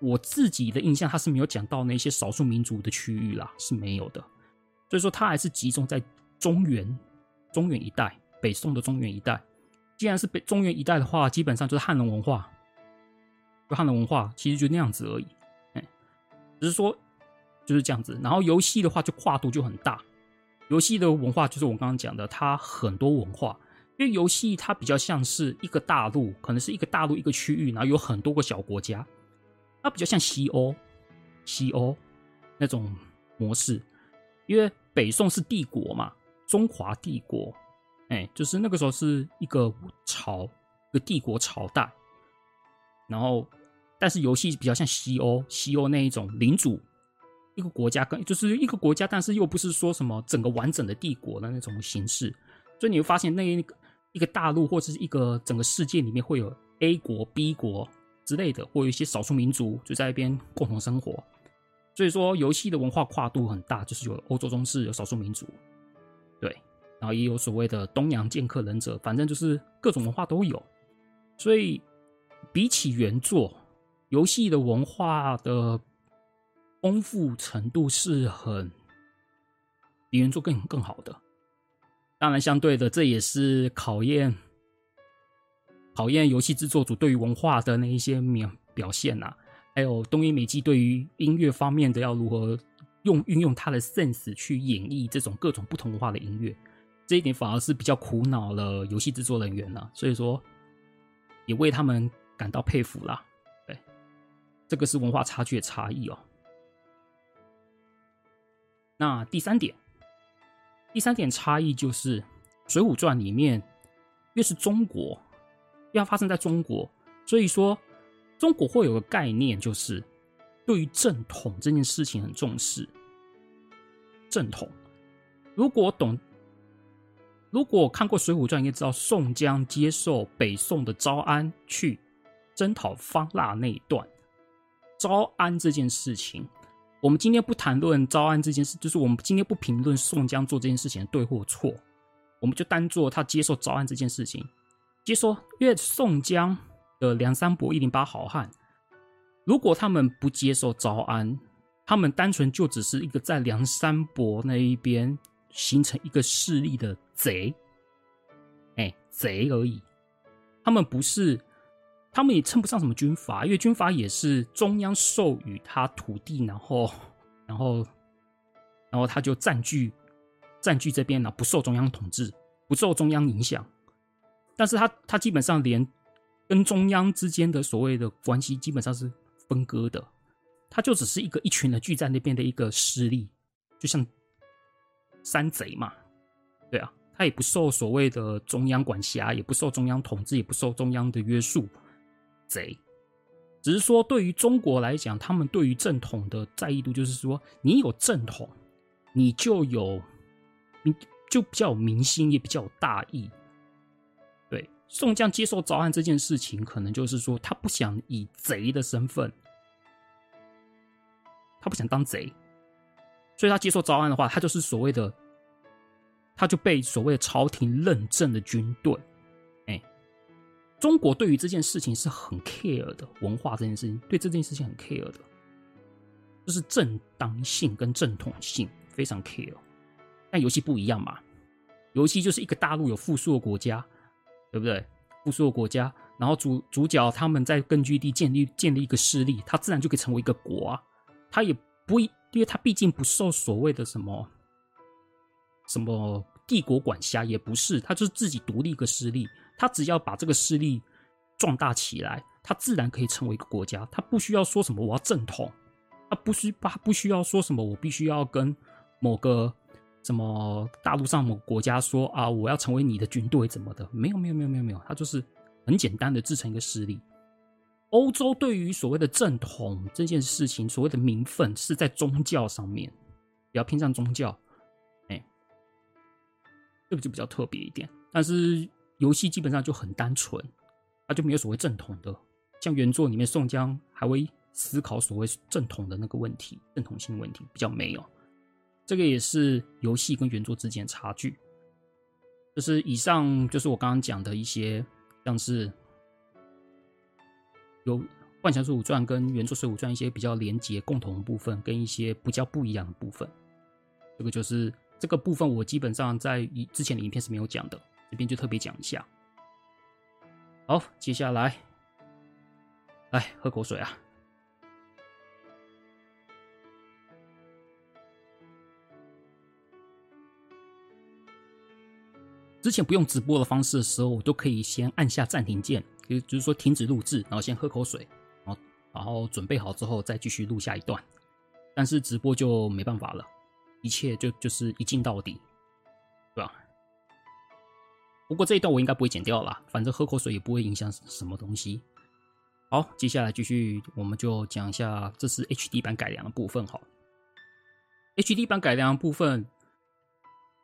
我自己的印象，他是沒有講到那些少數民族的區域啦，是沒有的。所以說，他還是集中在中原、中原一帶，北宋的中原一帶。既然是北中原一帶的話，基本上就是漢人文化。就漢人文化，其實就那樣子而已。哎，只是說就是這樣子。然後遊戲的話，就跨度就很大。遊戲的文化就是我剛剛講的，它很多文化，因為遊戲它比較像是一個大陸，可能是一個大陸一個區域，然後有很多個小國家。它比較像西歐，西歐那種模式，因為北宋是帝國嘛，中華帝國，哎、欸，就是那個時候是一個朝，一個帝國朝代。然後，但是遊戲比較像西歐，西歐那一種領主，一個國家跟就是一個國家，但是又不是說什麼整個完整的帝國的那種形式。所以你會發現那一個大陸或者是一個整個世界裡面會有 A 國、B 國。之類的，或有一些少數民族就在一邊共同生活，所以說遊戲的文化跨度很大，就是有歐洲中世紀有少數民族，對，然後也有所謂的東洋劍客忍者，反正就是各種文化都有。所以比起原作，遊戲的文化的豐富程度是很比原作更更好的。當然，相對的，這也是考驗。考驗遊戲制作組對於文化的那一些描表現吶、啊，還有東音美記對於音樂方面的要如何用運用它的 sense 去演繹這種各種不同文化的音樂，這一點反而是比較苦惱了遊戲制作人員呢、啊，所以說也為他們感到佩服啦。對，這個是文化差距的差異哦。那第三點，第三點差異就是《水滸傳》裡面越是中國。要發生在中國，所以說中國會有個概念，就是對於正統這件事情很重視。正統，如果懂，如果看過《水滸傳》，應該知道宋江接受北宋的招安去征討方臘那一段。招安這件事情，我們今天不談論招安這件事，就是我們今天不評論宋江做這件事情的對或錯，我們就當做他接受招安這件事情。接說，因為宋江的梁山伯一零八好漢，如果他們不接受招安，他們單純就只是一個在梁山伯那一邊形成一個勢力的賊，哎、欸，賊而已。他們不是，他們也稱不上什麼軍閥，因為軍閥也是中央授予他土地，然後，然後，然後他就占據占據這邊了，然後不受中央統治，不受中央影響。但是他他基本上連跟中央之間的所謂的關係基本上是分割的，他就只是一個一群人聚在那邊的一個勢力，就像山賊嘛，對啊，他也不受所謂的中央管轄，也不受中央統治，也不受中央的約束，賊。只是說對於中國來講，他們對於正統的在意度就是說，你有正統，你就有就比較有民心，也比較有大義。宋江接受招安這件事情，可能就是說他不想以賊的身份，他不想當賊，所以他接受招安的話，他就是所謂的，他就被所謂的朝廷認證的軍隊。哎，中國對於這件事情是很 care 的，文化這件事情，對這件事情很 care 的，就是正當性跟正統性非常 care。但遊戲不一樣嘛，遊戲就是一個大陸有複數的國家。對不對？不說國家，然後主主角他們在根據地建立建立一個勢力，他自然就可以成為一個國啊。他也不一，因為他畢竟不受所謂的什麼什麼帝國管轄，也不是，他就是自己獨立一個勢力。他只要把這個勢力壯大起來，他自然可以成為一個國家。他不需要說什麼我要正統，他不需他不需要說什麼我必須要跟某個。什麼大陸上某國家說啊，我要成為你的軍隊怎麼的？沒有沒有沒有沒有沒有，他就是很簡單的自成一個勢力。歐洲對於所謂的正統這件事情，所謂的名分是在宗教上面，比較偏向宗教。哎，這個就比較特別一點。但是遊戲基本上就很單純，它就沒有所謂正統的。像原作裡面宋江還會思考所謂正統的那個問題，正統性的問題比較沒有。這個也是遊戲跟原作之間的差距。就是以上就是我剛剛講的一些，像是有《幻想水滸傳》跟原作《水滸傳》一些比較連結共同的部分，跟一些比較不一樣的部分。這個就是這個部分，我基本上在以之前的影片是沒有講的，這邊就特別講一下。好，接下來來喝口水啊。之前不用直播的方式的時候，我都可以先按下暫停鍵，就就是說停止錄製，然後先喝口水，然後然後準備好之後再繼續錄下一段。但是直播就沒辦法了，一切就就是一鏡到底，對吧？不過這一段我應該不會剪掉啦，反正喝口水也不會影響什麼東西。好，接下來繼續，我們就講一下這是 HD 版改良的部分哈。HD 版改良的部分。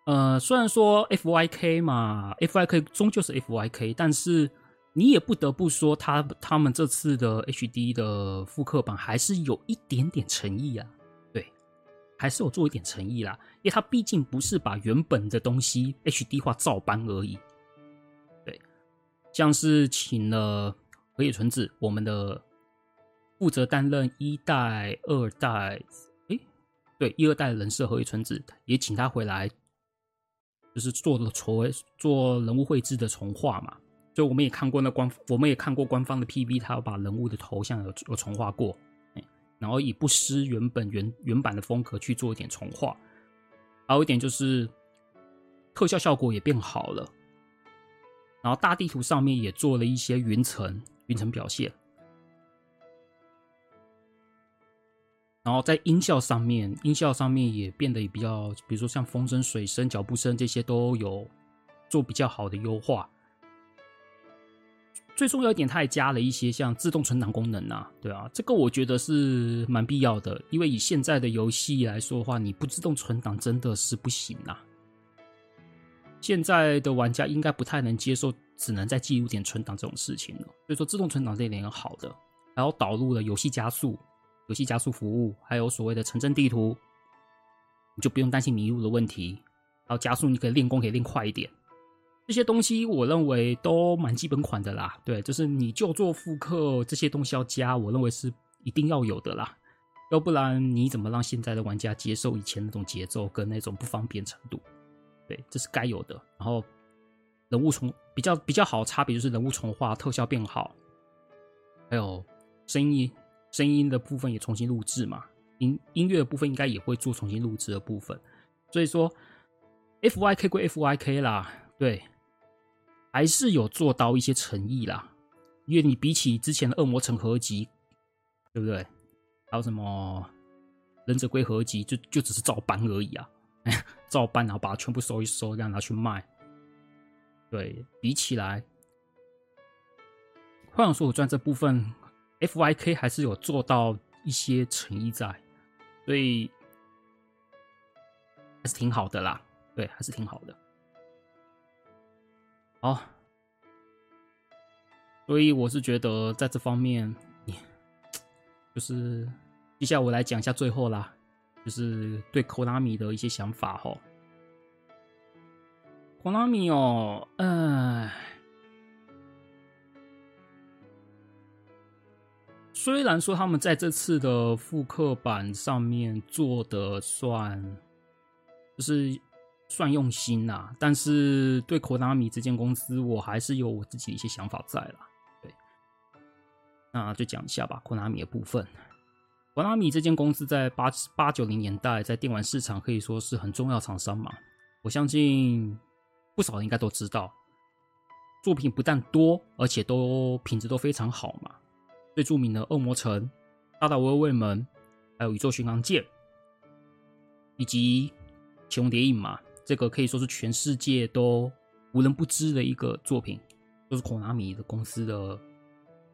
呃，雖然說 F Y K 嘛，F Y K 終究是 F Y K，但是你也不得不說他他們這次的 H D 的複刻版還是有一點點誠意啊，對，還是有做一點誠意啦，因為他畢竟不是把原本的東西 H D 化照搬搬而已，對，像是請了河野純子，我們的負責擔任一代、二代，誒，對，一、二代人設河野純子也請他回來。就是做的重做，人物繪製的重畫嘛，所以我們也看過那官，我們也看過官方的 PV，他有把人物的頭像有有重畫過，哎，然後以不失原本原原版的風格去做一點重畫，還有一點就是特效效果也變好了，然後大地圖上面也做了一些雲層雲層表現。然後在音效上面，音效上面也變得也比較，比如說像風聲、水聲、腳步聲這些都有做比較好的優化。最重要一點，它還加了一些像自動存檔功能吶、啊，對啊，這個我覺得是蠻必要的，因為以現在的遊戲來說的話，你不自動存檔真的是不行吶、啊。現在的玩家應該不太能接受只能在記錄點存檔這種事情了，所以說自動存檔這一點要好的，然後導入了遊戲加速。遊戲加速服務，還有所謂的城鎮地圖，你就不用擔心迷路的問題。然後加速，你可以練功，可以練快一點。這些東西我認為都蠻基本款的啦。對，就是你就做復刻，這些東西要加，我認為是一定要有的啦。要不然你怎麼讓現在的玩家接受以前那種節奏跟那種不方便程度？對，這是該有的。然後人物重比較比較好差別就是人物重畫，特效變好，還有聲音。聲音的部分也重新錄製嘛，音音樂的部分應該也會做重新錄製的部分，所以說 F Y K 歸 F Y K 啦，對，還是有做到一些誠意啦，因為你比起之前的《惡魔城》合集，對不對？還有什麼《忍者龜》合集，就就只是照搬而已啊，哎，照搬然後把它全部收一收，讓它去賣，對比起來，《幻想水滸傳》這部分。F Y K 還是有做到一些誠意在，所以還是挺好的啦。對，還是挺好的。好，所以我是覺得在這方面，就是接下來我來講一下最後啦，就是對 KONAMI 的一些想法，吼 KONAMI 哦，嗯。雖然說他們在這次的復刻版上面做的算，就是算用心啦、啊，但是對 KONAMI 這間公司，我還是有我自己的一些想法在啦。對，那就講一下吧。KONAMI 的部分，KONAMI 這間公司在八八九零年代在電玩市場可以說是很重要廠商嘛。我相信不少人應該都知道，作品不但多，而且都品質都非常好嘛。最著名的《惡魔城》、《大盜威爾衛門》，還有《宇宙巡航艦》，以及《潛龍諜影》嘛，這個可以說是全世界都無人不知的一個作品，就是 Konami 的公司的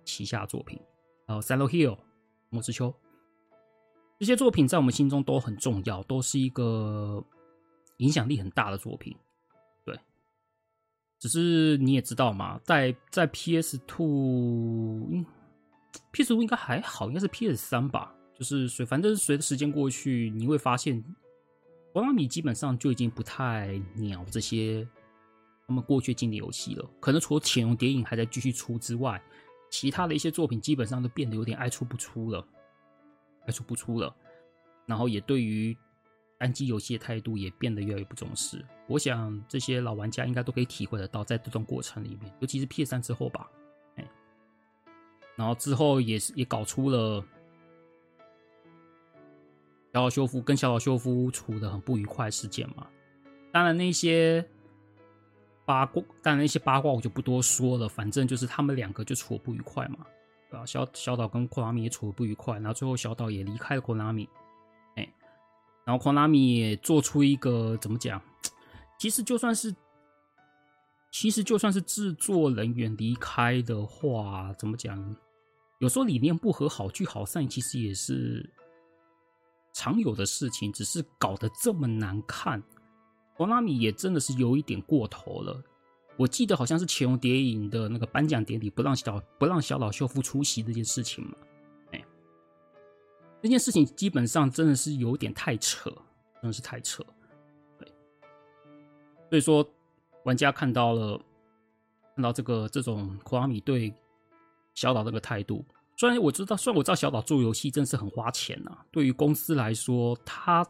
旗下作品。還有《Silent Hill》、《莫之丘》。這些作品，在我們心中都很重要，都是一個影響力很大的作品。對，只是你也知道嘛，在在 PS Two、嗯。PS 五應該還好，應該是 PS 三吧。就是隨，反正隨着時間過去，你會發現，老米基本上就已經不太鳥這些他們過去經典遊戲了。可能除了潛龍諜影還在繼續出之外，其他的一些作品基本上都變得有點愛出不出了，愛出不出了。然後也對於單機遊戲的態度也變得越來越不重視。我想這些老玩家應該都可以體會得到，在這種過程裡面，尤其是 PS 三之後吧。然後之後也是也搞出了小島秀夫跟小島秀夫處的很不愉快的事件嘛。當然那些八卦，當然那些八卦我就不多說了。反正就是他們兩個就處不愉快嘛。啊，小小島跟 KONAMI 也處不愉快，然後最後小島也離開了 KONAMI。哎，然後 KONAMI 也做出一個怎麼講？其實就算是。其實就算是制作人員離開的話，怎麼講呢？有時候理念不合，好聚好散其實也是常有的事情。只是搞得這麼難看，KONAMI 也真的是有一點過頭了。我記得好像是《潛龍諜影》的那個頒獎典禮，不讓小不讓小島秀夫出席這件事情嘛。哎，這件事情基本上真的是有點太扯，真的是太扯。對，所以說。玩家看到了，看到這個這種 KONAMI 對小島這個態度。雖然我知道，雖然我知道小島做遊戲真是很花錢吶、啊。對於公司來說，他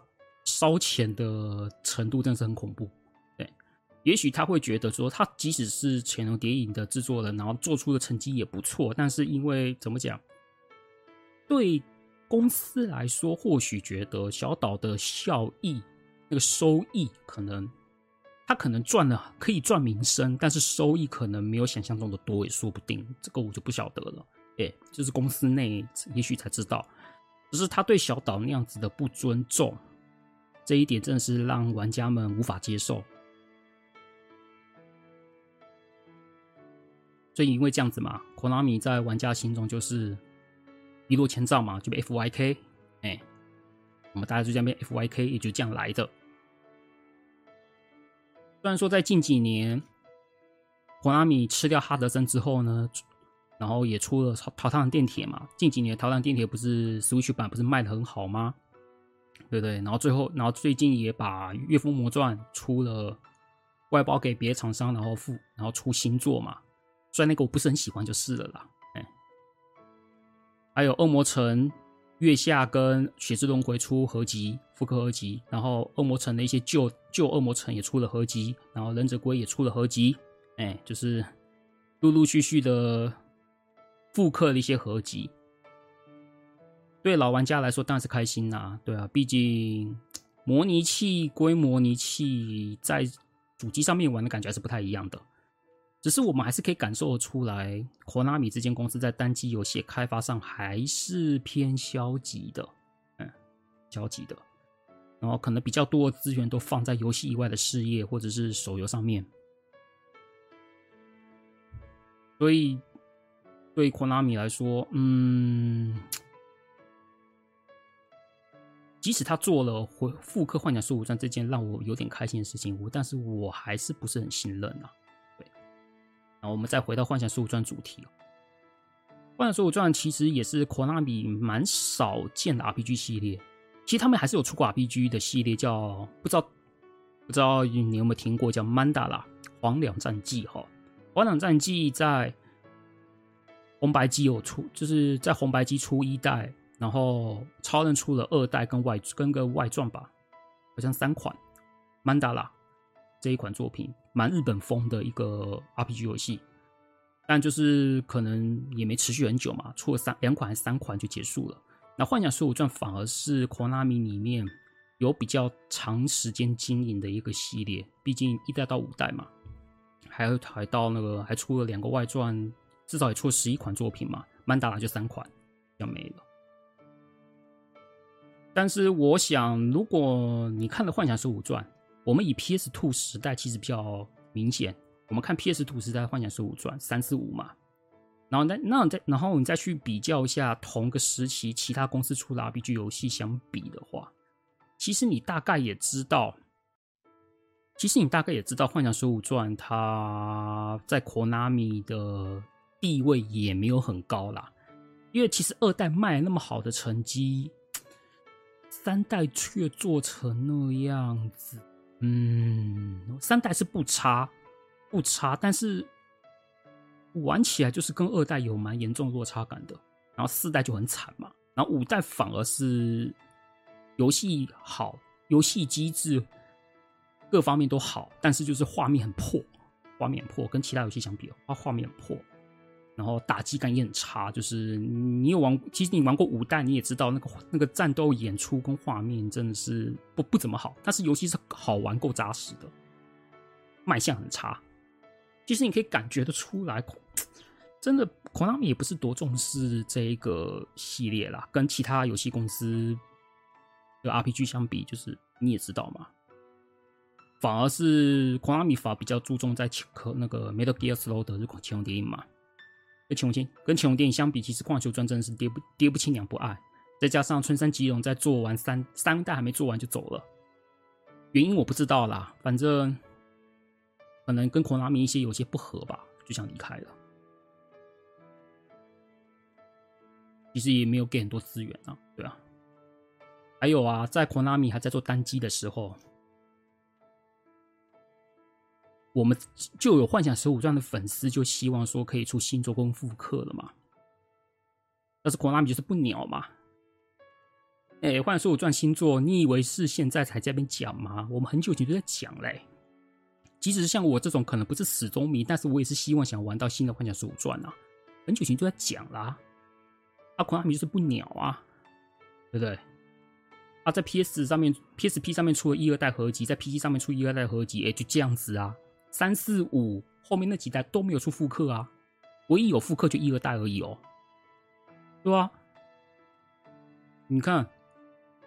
燒錢的程度真是很恐怖。對，也許他會覺得說，他即使是《潛龍諜影》的製作人，然後做出的成績也不錯。但是因為怎麼講，對公司來說，或許覺得小島的效益、那個收益可能。他可能賺了，可以賺名聲，但是收益可能沒有想象中的多，也說不定。這個我就不曉得了。哎，就是公司內也許才知道。只是他對小島那樣子的不尊重，這一點真的是讓玩家們無法接受。所以因為這樣子嘛，Konami 在玩家心中就是一落千丈嘛，就被 F Y K，欸。哎，我們大家就這樣被 F Y K 也就這樣來的。雖然說在近幾年，KONAMI 吃掉哈德森之後呢，然後也出了《桃太郎電鐵》嘛，近幾年《桃太郎電鐵》不是 Switch 版，不是賣的很好嗎？對不對，對？然後最後，然後最近也把《月風魔傳》出了，外包給別的廠商，然後復然後出新作嘛。雖然那個我不是很喜歡，就是了啦。哎、欸，還有《惡魔城月下》跟《血之輪迴》出合集。復刻合集，然後惡魔城的一些舊舊惡魔城也出了合集，然後忍者龜也出了合集，哎，就是陸陸續續的復刻了一些合集。對老玩家來說，當然是開心啦、啊，對啊，畢竟模擬器、歸模擬器在主機上面玩的感覺還是不太一樣的。只是我們還是可以感受出來，KONAMI 這間公司在單機遊戲開發上還是偏消極的，嗯，消極的。然後可能比較多的資源都放在遊戲以外的事業或者是手遊上面，所以對 KONAMI 來說，嗯，即使他做了回復刻《幻想水滸傳》這件讓我有點開心的事情，但是我還是不是很信任啊，對，那我們再回到《幻想水滸傳》主題，《幻想水滸傳》其實也是 KONAMI 蠻少見的 RPG 系列。其實他們還是有出過 RPG 的系列，叫不知道，不知道你有沒有聽過叫《曼達拉黃兩戰記》哈，《黃兩戰記》在紅白機有出，就是在紅白機出一代，然後超任出了二代跟外跟個外傳吧，好像三款，《曼達拉》這一款作品，蠻日本風的一個 RPG 遊戲，但就是可能也沒持續很久嘛，出了三兩款還是三款就結束了。那《幻想水滸傳》反而是 KONAMI 裡面有比較長時間經營的一個系列，畢竟一代到五代嘛，還還到那個還出了兩個外傳，至少也出了十一款作品嘛。曼達拉就三款，要沒了。但是我想，如果你看了《幻想水滸傳》，我們以 PS Two 時代其實比較明顯，我們看 PS Two 時代的《幻想水滸傳》三四五嘛。然後，那那再然後，你再去比較一下同個時期其他公司出的 RPG 遊戲相比的話，其實你大概也知道，其實你大概也知道，《幻想水滸傳》它在 Konami 的地位也沒有很高啦，因為其實二代賣那麼好的成績，三代卻做成那樣子，嗯，三代是不差不差，但是。玩起來就是跟二代有蠻嚴重的落差感的，然後四代就很慘嘛，然後五代反而是遊戲好，遊戲機制各方面都好，但是就是畫面很破，畫面很破，跟其他遊戲相比，畫畫面很破，然後打擊感也很差。就是你有玩，其實你玩過五代，你也知道那個那個戰鬥演出跟畫面真的是不不怎麼好，但是遊戲是好玩夠紮實的，賣相很差。其實你可以感覺得出來，真的，KONAMI 也不是多重視這一個系列啦。跟其他遊戲公司的 RPG 相比，就是你也知道嘛，反而是 KONAMI 反而比較注重在那個 Metal Gear Solid 就是《潛龍諜影》嘛。那、欸《潛龍》跟《潛龍諜影》跟電影相比，其實《礦球磚》真是爹不爹不疼，娘不愛。再加上春山吉隆在做完三三代還沒做完就走了，原因我不知道啦，反正。可能跟 KONAMI 一些有些不合吧，就想離開了。其實也沒有給很多資源啊，對啊。還有啊，在 KONAMI 還在做單機的時候，我們就有幻想水滸傳的粉絲就希望說可以出新作跟複刻了嘛。但是 KONAMI 就是不鳥嘛。哎，幻想水滸傳新作，你以為是現在才在這邊講嗎？我們很久以前就在講嘞。即使是像我這種可能不是死忠迷，但是我也是希望想玩到新的《幻想水滸傳》啊，很久以前就在講啦，阿坤阿明就是不鳥啊，對不對？啊，在 P S 上面、P S P 上面出了一二代合集，在 P C 上面出一二代合集，誒就這樣子啊。三四五後面那幾代都沒有出復刻啊，唯一有復刻就一二代而已哦，對吧？你看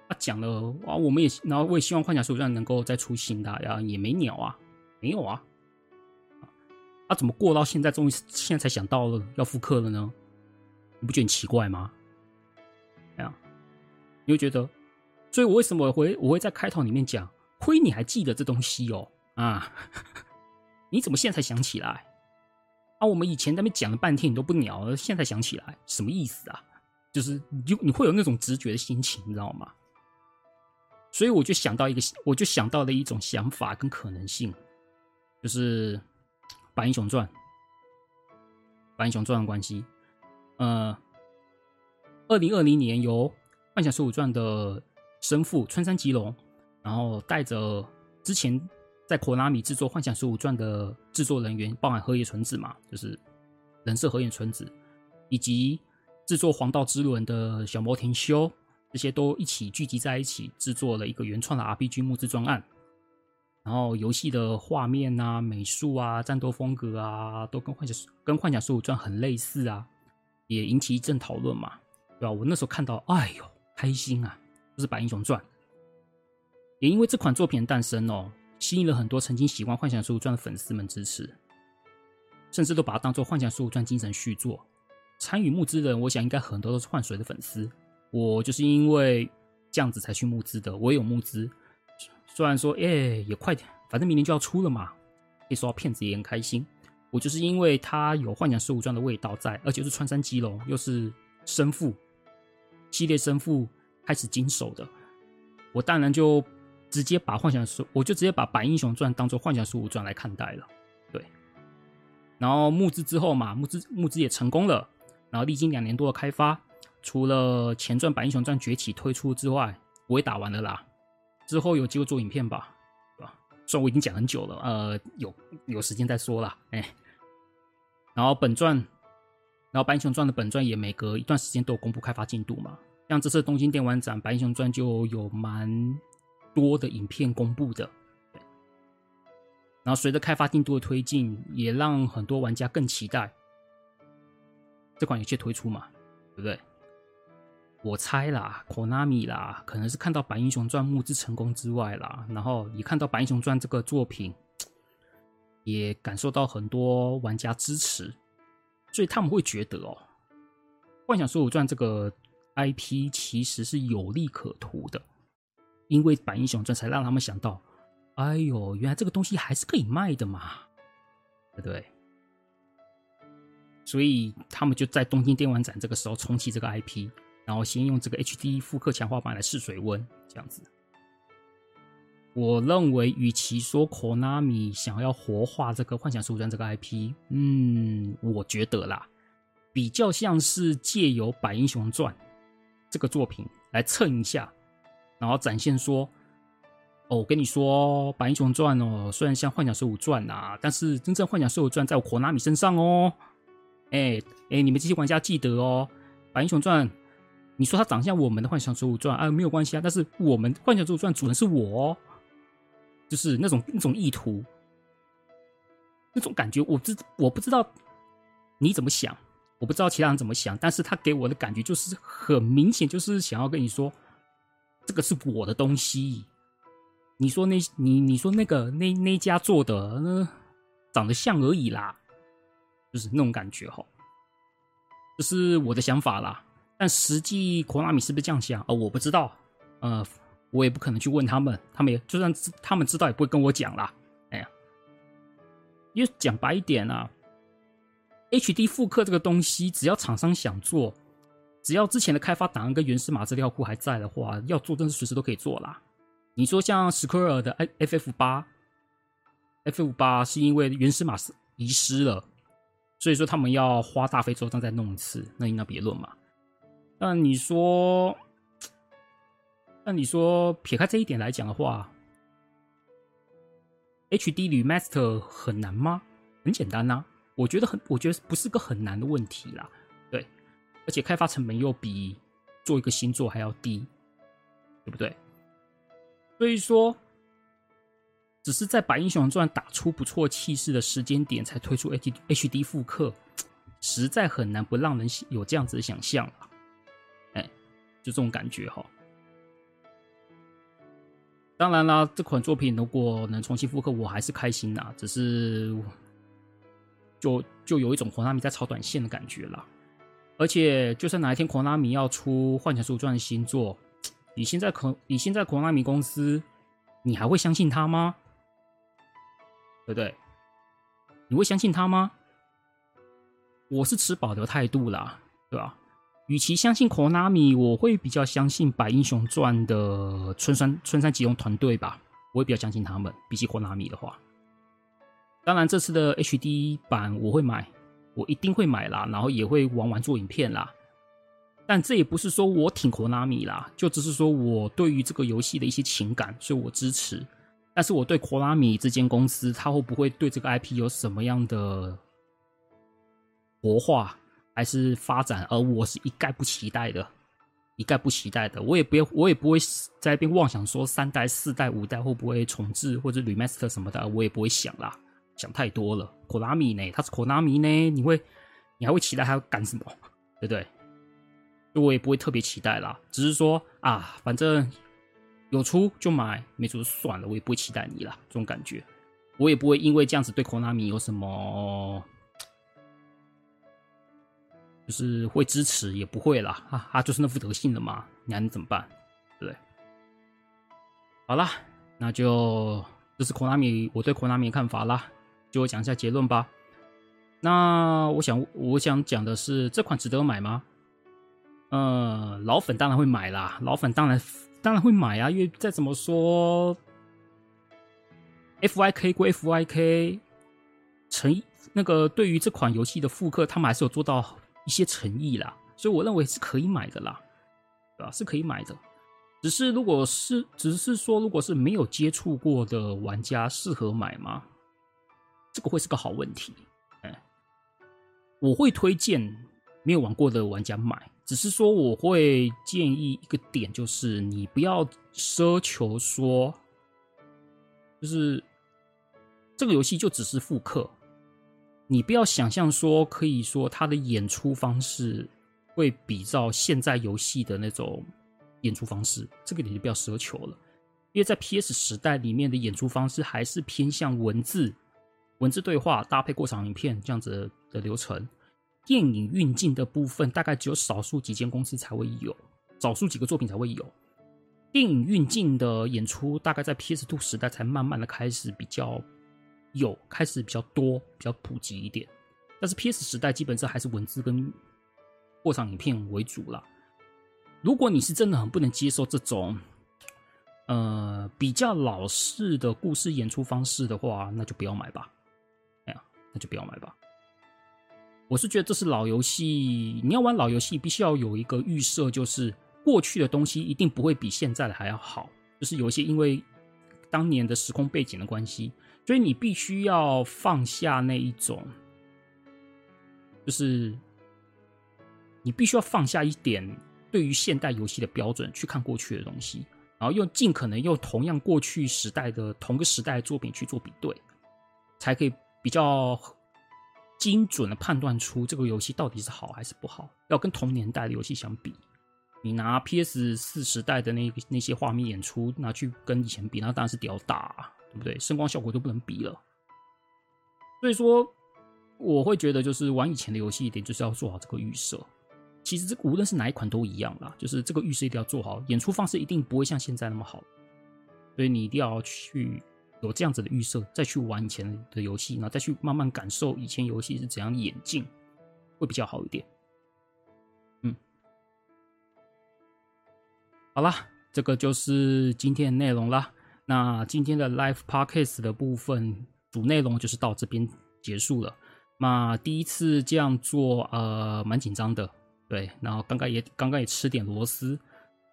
他、啊、講了啊，我們也然後我也希望《幻想水滸傳》能夠再出新的，然後也沒鳥啊。沒有啊，啊，怎麼過到現在，終於現在才想到了要復刻了呢？你不覺得很奇怪嗎？這你會覺得，所以我為什麼我會我會在開頭裡面講，虧你還記得這東西哦啊！你怎麼現在才想起來？啊，我們以前在那邊講了半天，你都不鳥，現在想起來什麼意思啊？就是你會有那種直覺的心情，你知道嗎？所以我就想到一個，我就想到了一種想法跟可能性。就是《百英雄傳》，《百英雄傳》的關係。呃，二零二零年，由《幻想水滸傳》的生父村山吉隆，然後帶着之前在 KONAMI 制作《幻想水滸傳》的制作人員包含河野純子嘛，就是人設河野純子，以及制作《黃道之輪》的小摩田修，這些都一起聚集在一起，制作了一個原創的 RPG 募資專案。然後遊戲的畫面啊、美術啊、戰鬥風格啊，都跟幻想、跟《幻想水滸傳》很類似啊，也引起一陣討論嘛，對吧？我那時候看到，哎呦，開心啊！就是《百英雄傳》，也因為這款作品的誕生哦，吸引了很多曾經喜歡《幻想水滸傳》的粉絲們支持，甚至都把它當做《幻想水滸傳》精神續作。參與募資的人，我想應該很多都是幻水的粉絲，我就是因為這樣子才去募資的，我有募資。雖然說，哎、欸，也快點，反正明年就要出了嘛。一、欸、說到騙子，也很開心。我就是因為它有《幻想水滸傳》的味道在，而且是村山吉隆，又是生父系列生父開始經手的，我當然就直接把《幻想水滸》我就直接把《百英雄傳》當做《幻想水滸傳》來看待了。對，然後募資之後嘛，募資募資也成功了。然後歷經兩年多的開發，除了前傳《百英雄傳崛起》推出之外，我也打完了啦。之後有機會做影片吧，對吧？算我已經講很久了，呃，有有時間再說啦，哎、欸。然後本傳，然後《百英雄傳》的本傳也每隔一段時間都有公布開發進度嘛，像這次東京電玩展，《百英雄傳》就有蠻多的影片公布的。然後隨着開發進度的推進，也讓很多玩家更期待這款遊戲推出嘛，對不對？我猜啦，KONAMI 啦，可能是看到《白英雄傳》募資成功之外啦，然後一看到《白英雄傳》這個作品，也感受到很多玩家支持，所以他們會覺得哦、喔，《幻想水滸傳》這個 IP 其實是有利可圖的，因為《白英雄傳》才讓他們想到，哎呦，原來這個東西還是可以賣的嘛，對不對，對？所以他們就在東京電玩展這個時候重啟這個 IP。然後先用這個 HD 復刻強化版來試水溫，這樣子。我認為，與其說 KONAMI 想要活化這個《幻想水滸傳》這個 IP，嗯，我覺得啦，比較像是借由《百英雄傳》這個作品來蹭一下，然後展現說：“哦，我跟你說，《百英雄傳》哦，雖然像《幻想水滸傳》啊，但是真正《幻想水滸傳》在我 KONAMI 身上哦。誒”哎哎，你們這些玩家記得哦，《百英雄傳》。你說他長相我們的幻想水滸傳啊，沒有關係啊。但是我們幻想水滸傳主人是我，哦，就是那種那種意圖，那種感覺我。我知我不知道你怎麼想，我不知道其他人怎麼想，但是他給我的感覺就是很明顯，就是想要跟你說，這個是我的東西。你說那，你你說那個那那家做的嗯，長得像而已啦，就是那種感覺哈，哦，這，就是我的想法啦。但實際，KONAMI 是不是這樣想啊、呃？我不知道，呃，我也不可能去問他們，他們也就算他們知道，也不會跟我講啦。哎呀，因為講白一點啊，HD 復刻這個東西，只要廠商想做，只要之前的開發檔案跟原始碼資料庫還在的話，要做真是隨時都可以做啦。你說像史克爾的 F F 八，F F 八是因為原始碼是遺失了，所以說他們要花大費周章再弄一次，那你那別論嘛。那你說，那你說，撇開這一點來講的話，H D Remaster 很難嗎？很簡單吶、啊，我覺得很，我覺得不是個很難的問題啦。對，而且開發成本又比做一個新作還要低，對不對？所以說，只是在把《英雄傳》打出不錯氣勢的時間點才推出 H D H D 復刻，實在很難不讓人有這樣子的想象了。就這種感覺哈，當然啦，這款作品如果能重新復刻，我還是開心的。只是就，就就有一種 KONAMI 在炒短線的感覺了。而且，就算哪一天 KONAMI 要出《幻想水滸傳》的新作，你現在狂，你現在 KONAMI 公司，你還會相信他嗎？對不對，對？你會相信他嗎？我是持保留態度啦，對吧、啊？與其相信 Konami 我會比較相信《百英雄傳》的村山村山吉隆團隊吧，我也比較相信他們，比起 Konami 的話。當然，這次的 HD 版我會買，我一定會買啦，然後也會玩玩做影片啦。但這也不是說我挺 Konami 啦，就只是說我對於這個遊戲的一些情感，所以我支持。但是我對 Konami 這間公司，他會不會對這個 IP 有什麼樣的活化？還是發展而，而我是一概不期待的，一概不期待的。我也不要，我也不會在那邊妄想說三代、四代、五代會不會重置或者 remaster 什麼的，我也不會想啦，想太多了。Konami 呢，他是 Konami 呢，你會，你還會期待他要幹什麼？對不對？就我也不會特別期待啦，只是說啊，反正有出就買，沒出就算了，我也不會期待你啦，這種感覺，我也不會因為這樣子對 Konami 有什麼。就是會支持也不會啦，哈哈，就是那副德性了嘛，你還能怎麼辦？對。好啦，那就這是 KONAMI 我對 KONAMI 的看法啦，就我講一下結論吧。那我想我想講的是，這款值得買嗎？呃，老粉當然會買啦，老粉當然當然會買啊，因為再怎麼說，F Y K 歸 F Y K，成那個對於這款遊戲的復刻，他們還是有做到。一些誠意啦，所以我認為是可以買的啦，對吧？是可以買的，只是如果是，只是說如果是沒有接觸過的玩家，適合買嗎？這個會是個好問題。哎，我會推薦沒有玩過的玩家買，只是說我會建議一個點，就是你不要奢求說，就是這個遊戲就只是復刻。你不要想象說，可以說他的演出方式會比照現在遊戲的那種演出方式，這個你就不要奢求了，因為在 PS 時代裡面的演出方式還是偏向文字、文字對話搭配過場影片這樣子的流程。電影運鏡的部分，大概只有少數幾間公司才會有，少數幾個作品才會有。電影運鏡的演出，大概在 PS Two 時代才慢慢的開始比較。有開始比較多，比較普及一點，但是 PS 時代基本上還是文字跟過場影片為主啦，如果你是真的很不能接受這種，呃，比較老式的故事演出方式的話，那就不要買吧。哎呀，那就不要買吧。我是覺得這是老遊戲，你要玩老遊戲，必須要有一個預設，就是過去的東西一定不會比現在的還要好，就是有一些因為。當年的時空背景的關係，所以你必須要放下那一種，就是你必須要放下一點對於現代遊戲的標準去看過去的東西，然後用盡可能用同樣過去時代的、同個時代的作品去做比對，才可以比較精準的判斷出這個遊戲到底是好還是不好。要跟同年代的遊戲相比。你拿 PS4 時代的那個那些畫面演出拿去跟以前比，那當然是比較大，對不對？聲光效果都不能比了。所以說，我會覺得就是玩以前的遊戲，一點就是要做好這個預設。其實這無論是哪一款都一樣啦，就是這個預設一定要做好。演出方式一定不會像現在那麼好，所以你一定要去有這樣子的預設，再去玩以前的遊戲，然後再去慢慢感受以前遊戲是怎樣演進，會比較好一點。好啦，這個就是今天的內容啦，那今天的 live podcast 的部分，主內容就是到這邊結束了。那第一次這樣做，呃，蠻緊張的，對。然後剛剛也剛剛也吃點螺絲，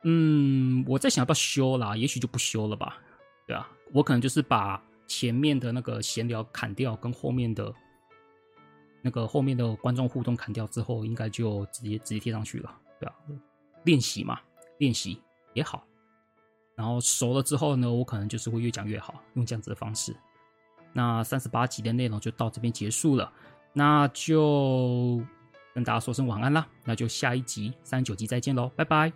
嗯，我在想要不要修啦，也許就不修了吧，對啊，我可能就是把前面的那個閒聊砍掉，跟後面的那個後面的觀眾互動砍掉之後，應該就直接直接貼上去了，對啊，練習嘛，練習。也好，然後熟了之後呢，我可能就是會越講越好，用這樣子的方式。那三十八集的內容就到這邊結束了，那就跟大家說聲晚安啦，那就下一集三十九集再見嘍，拜拜。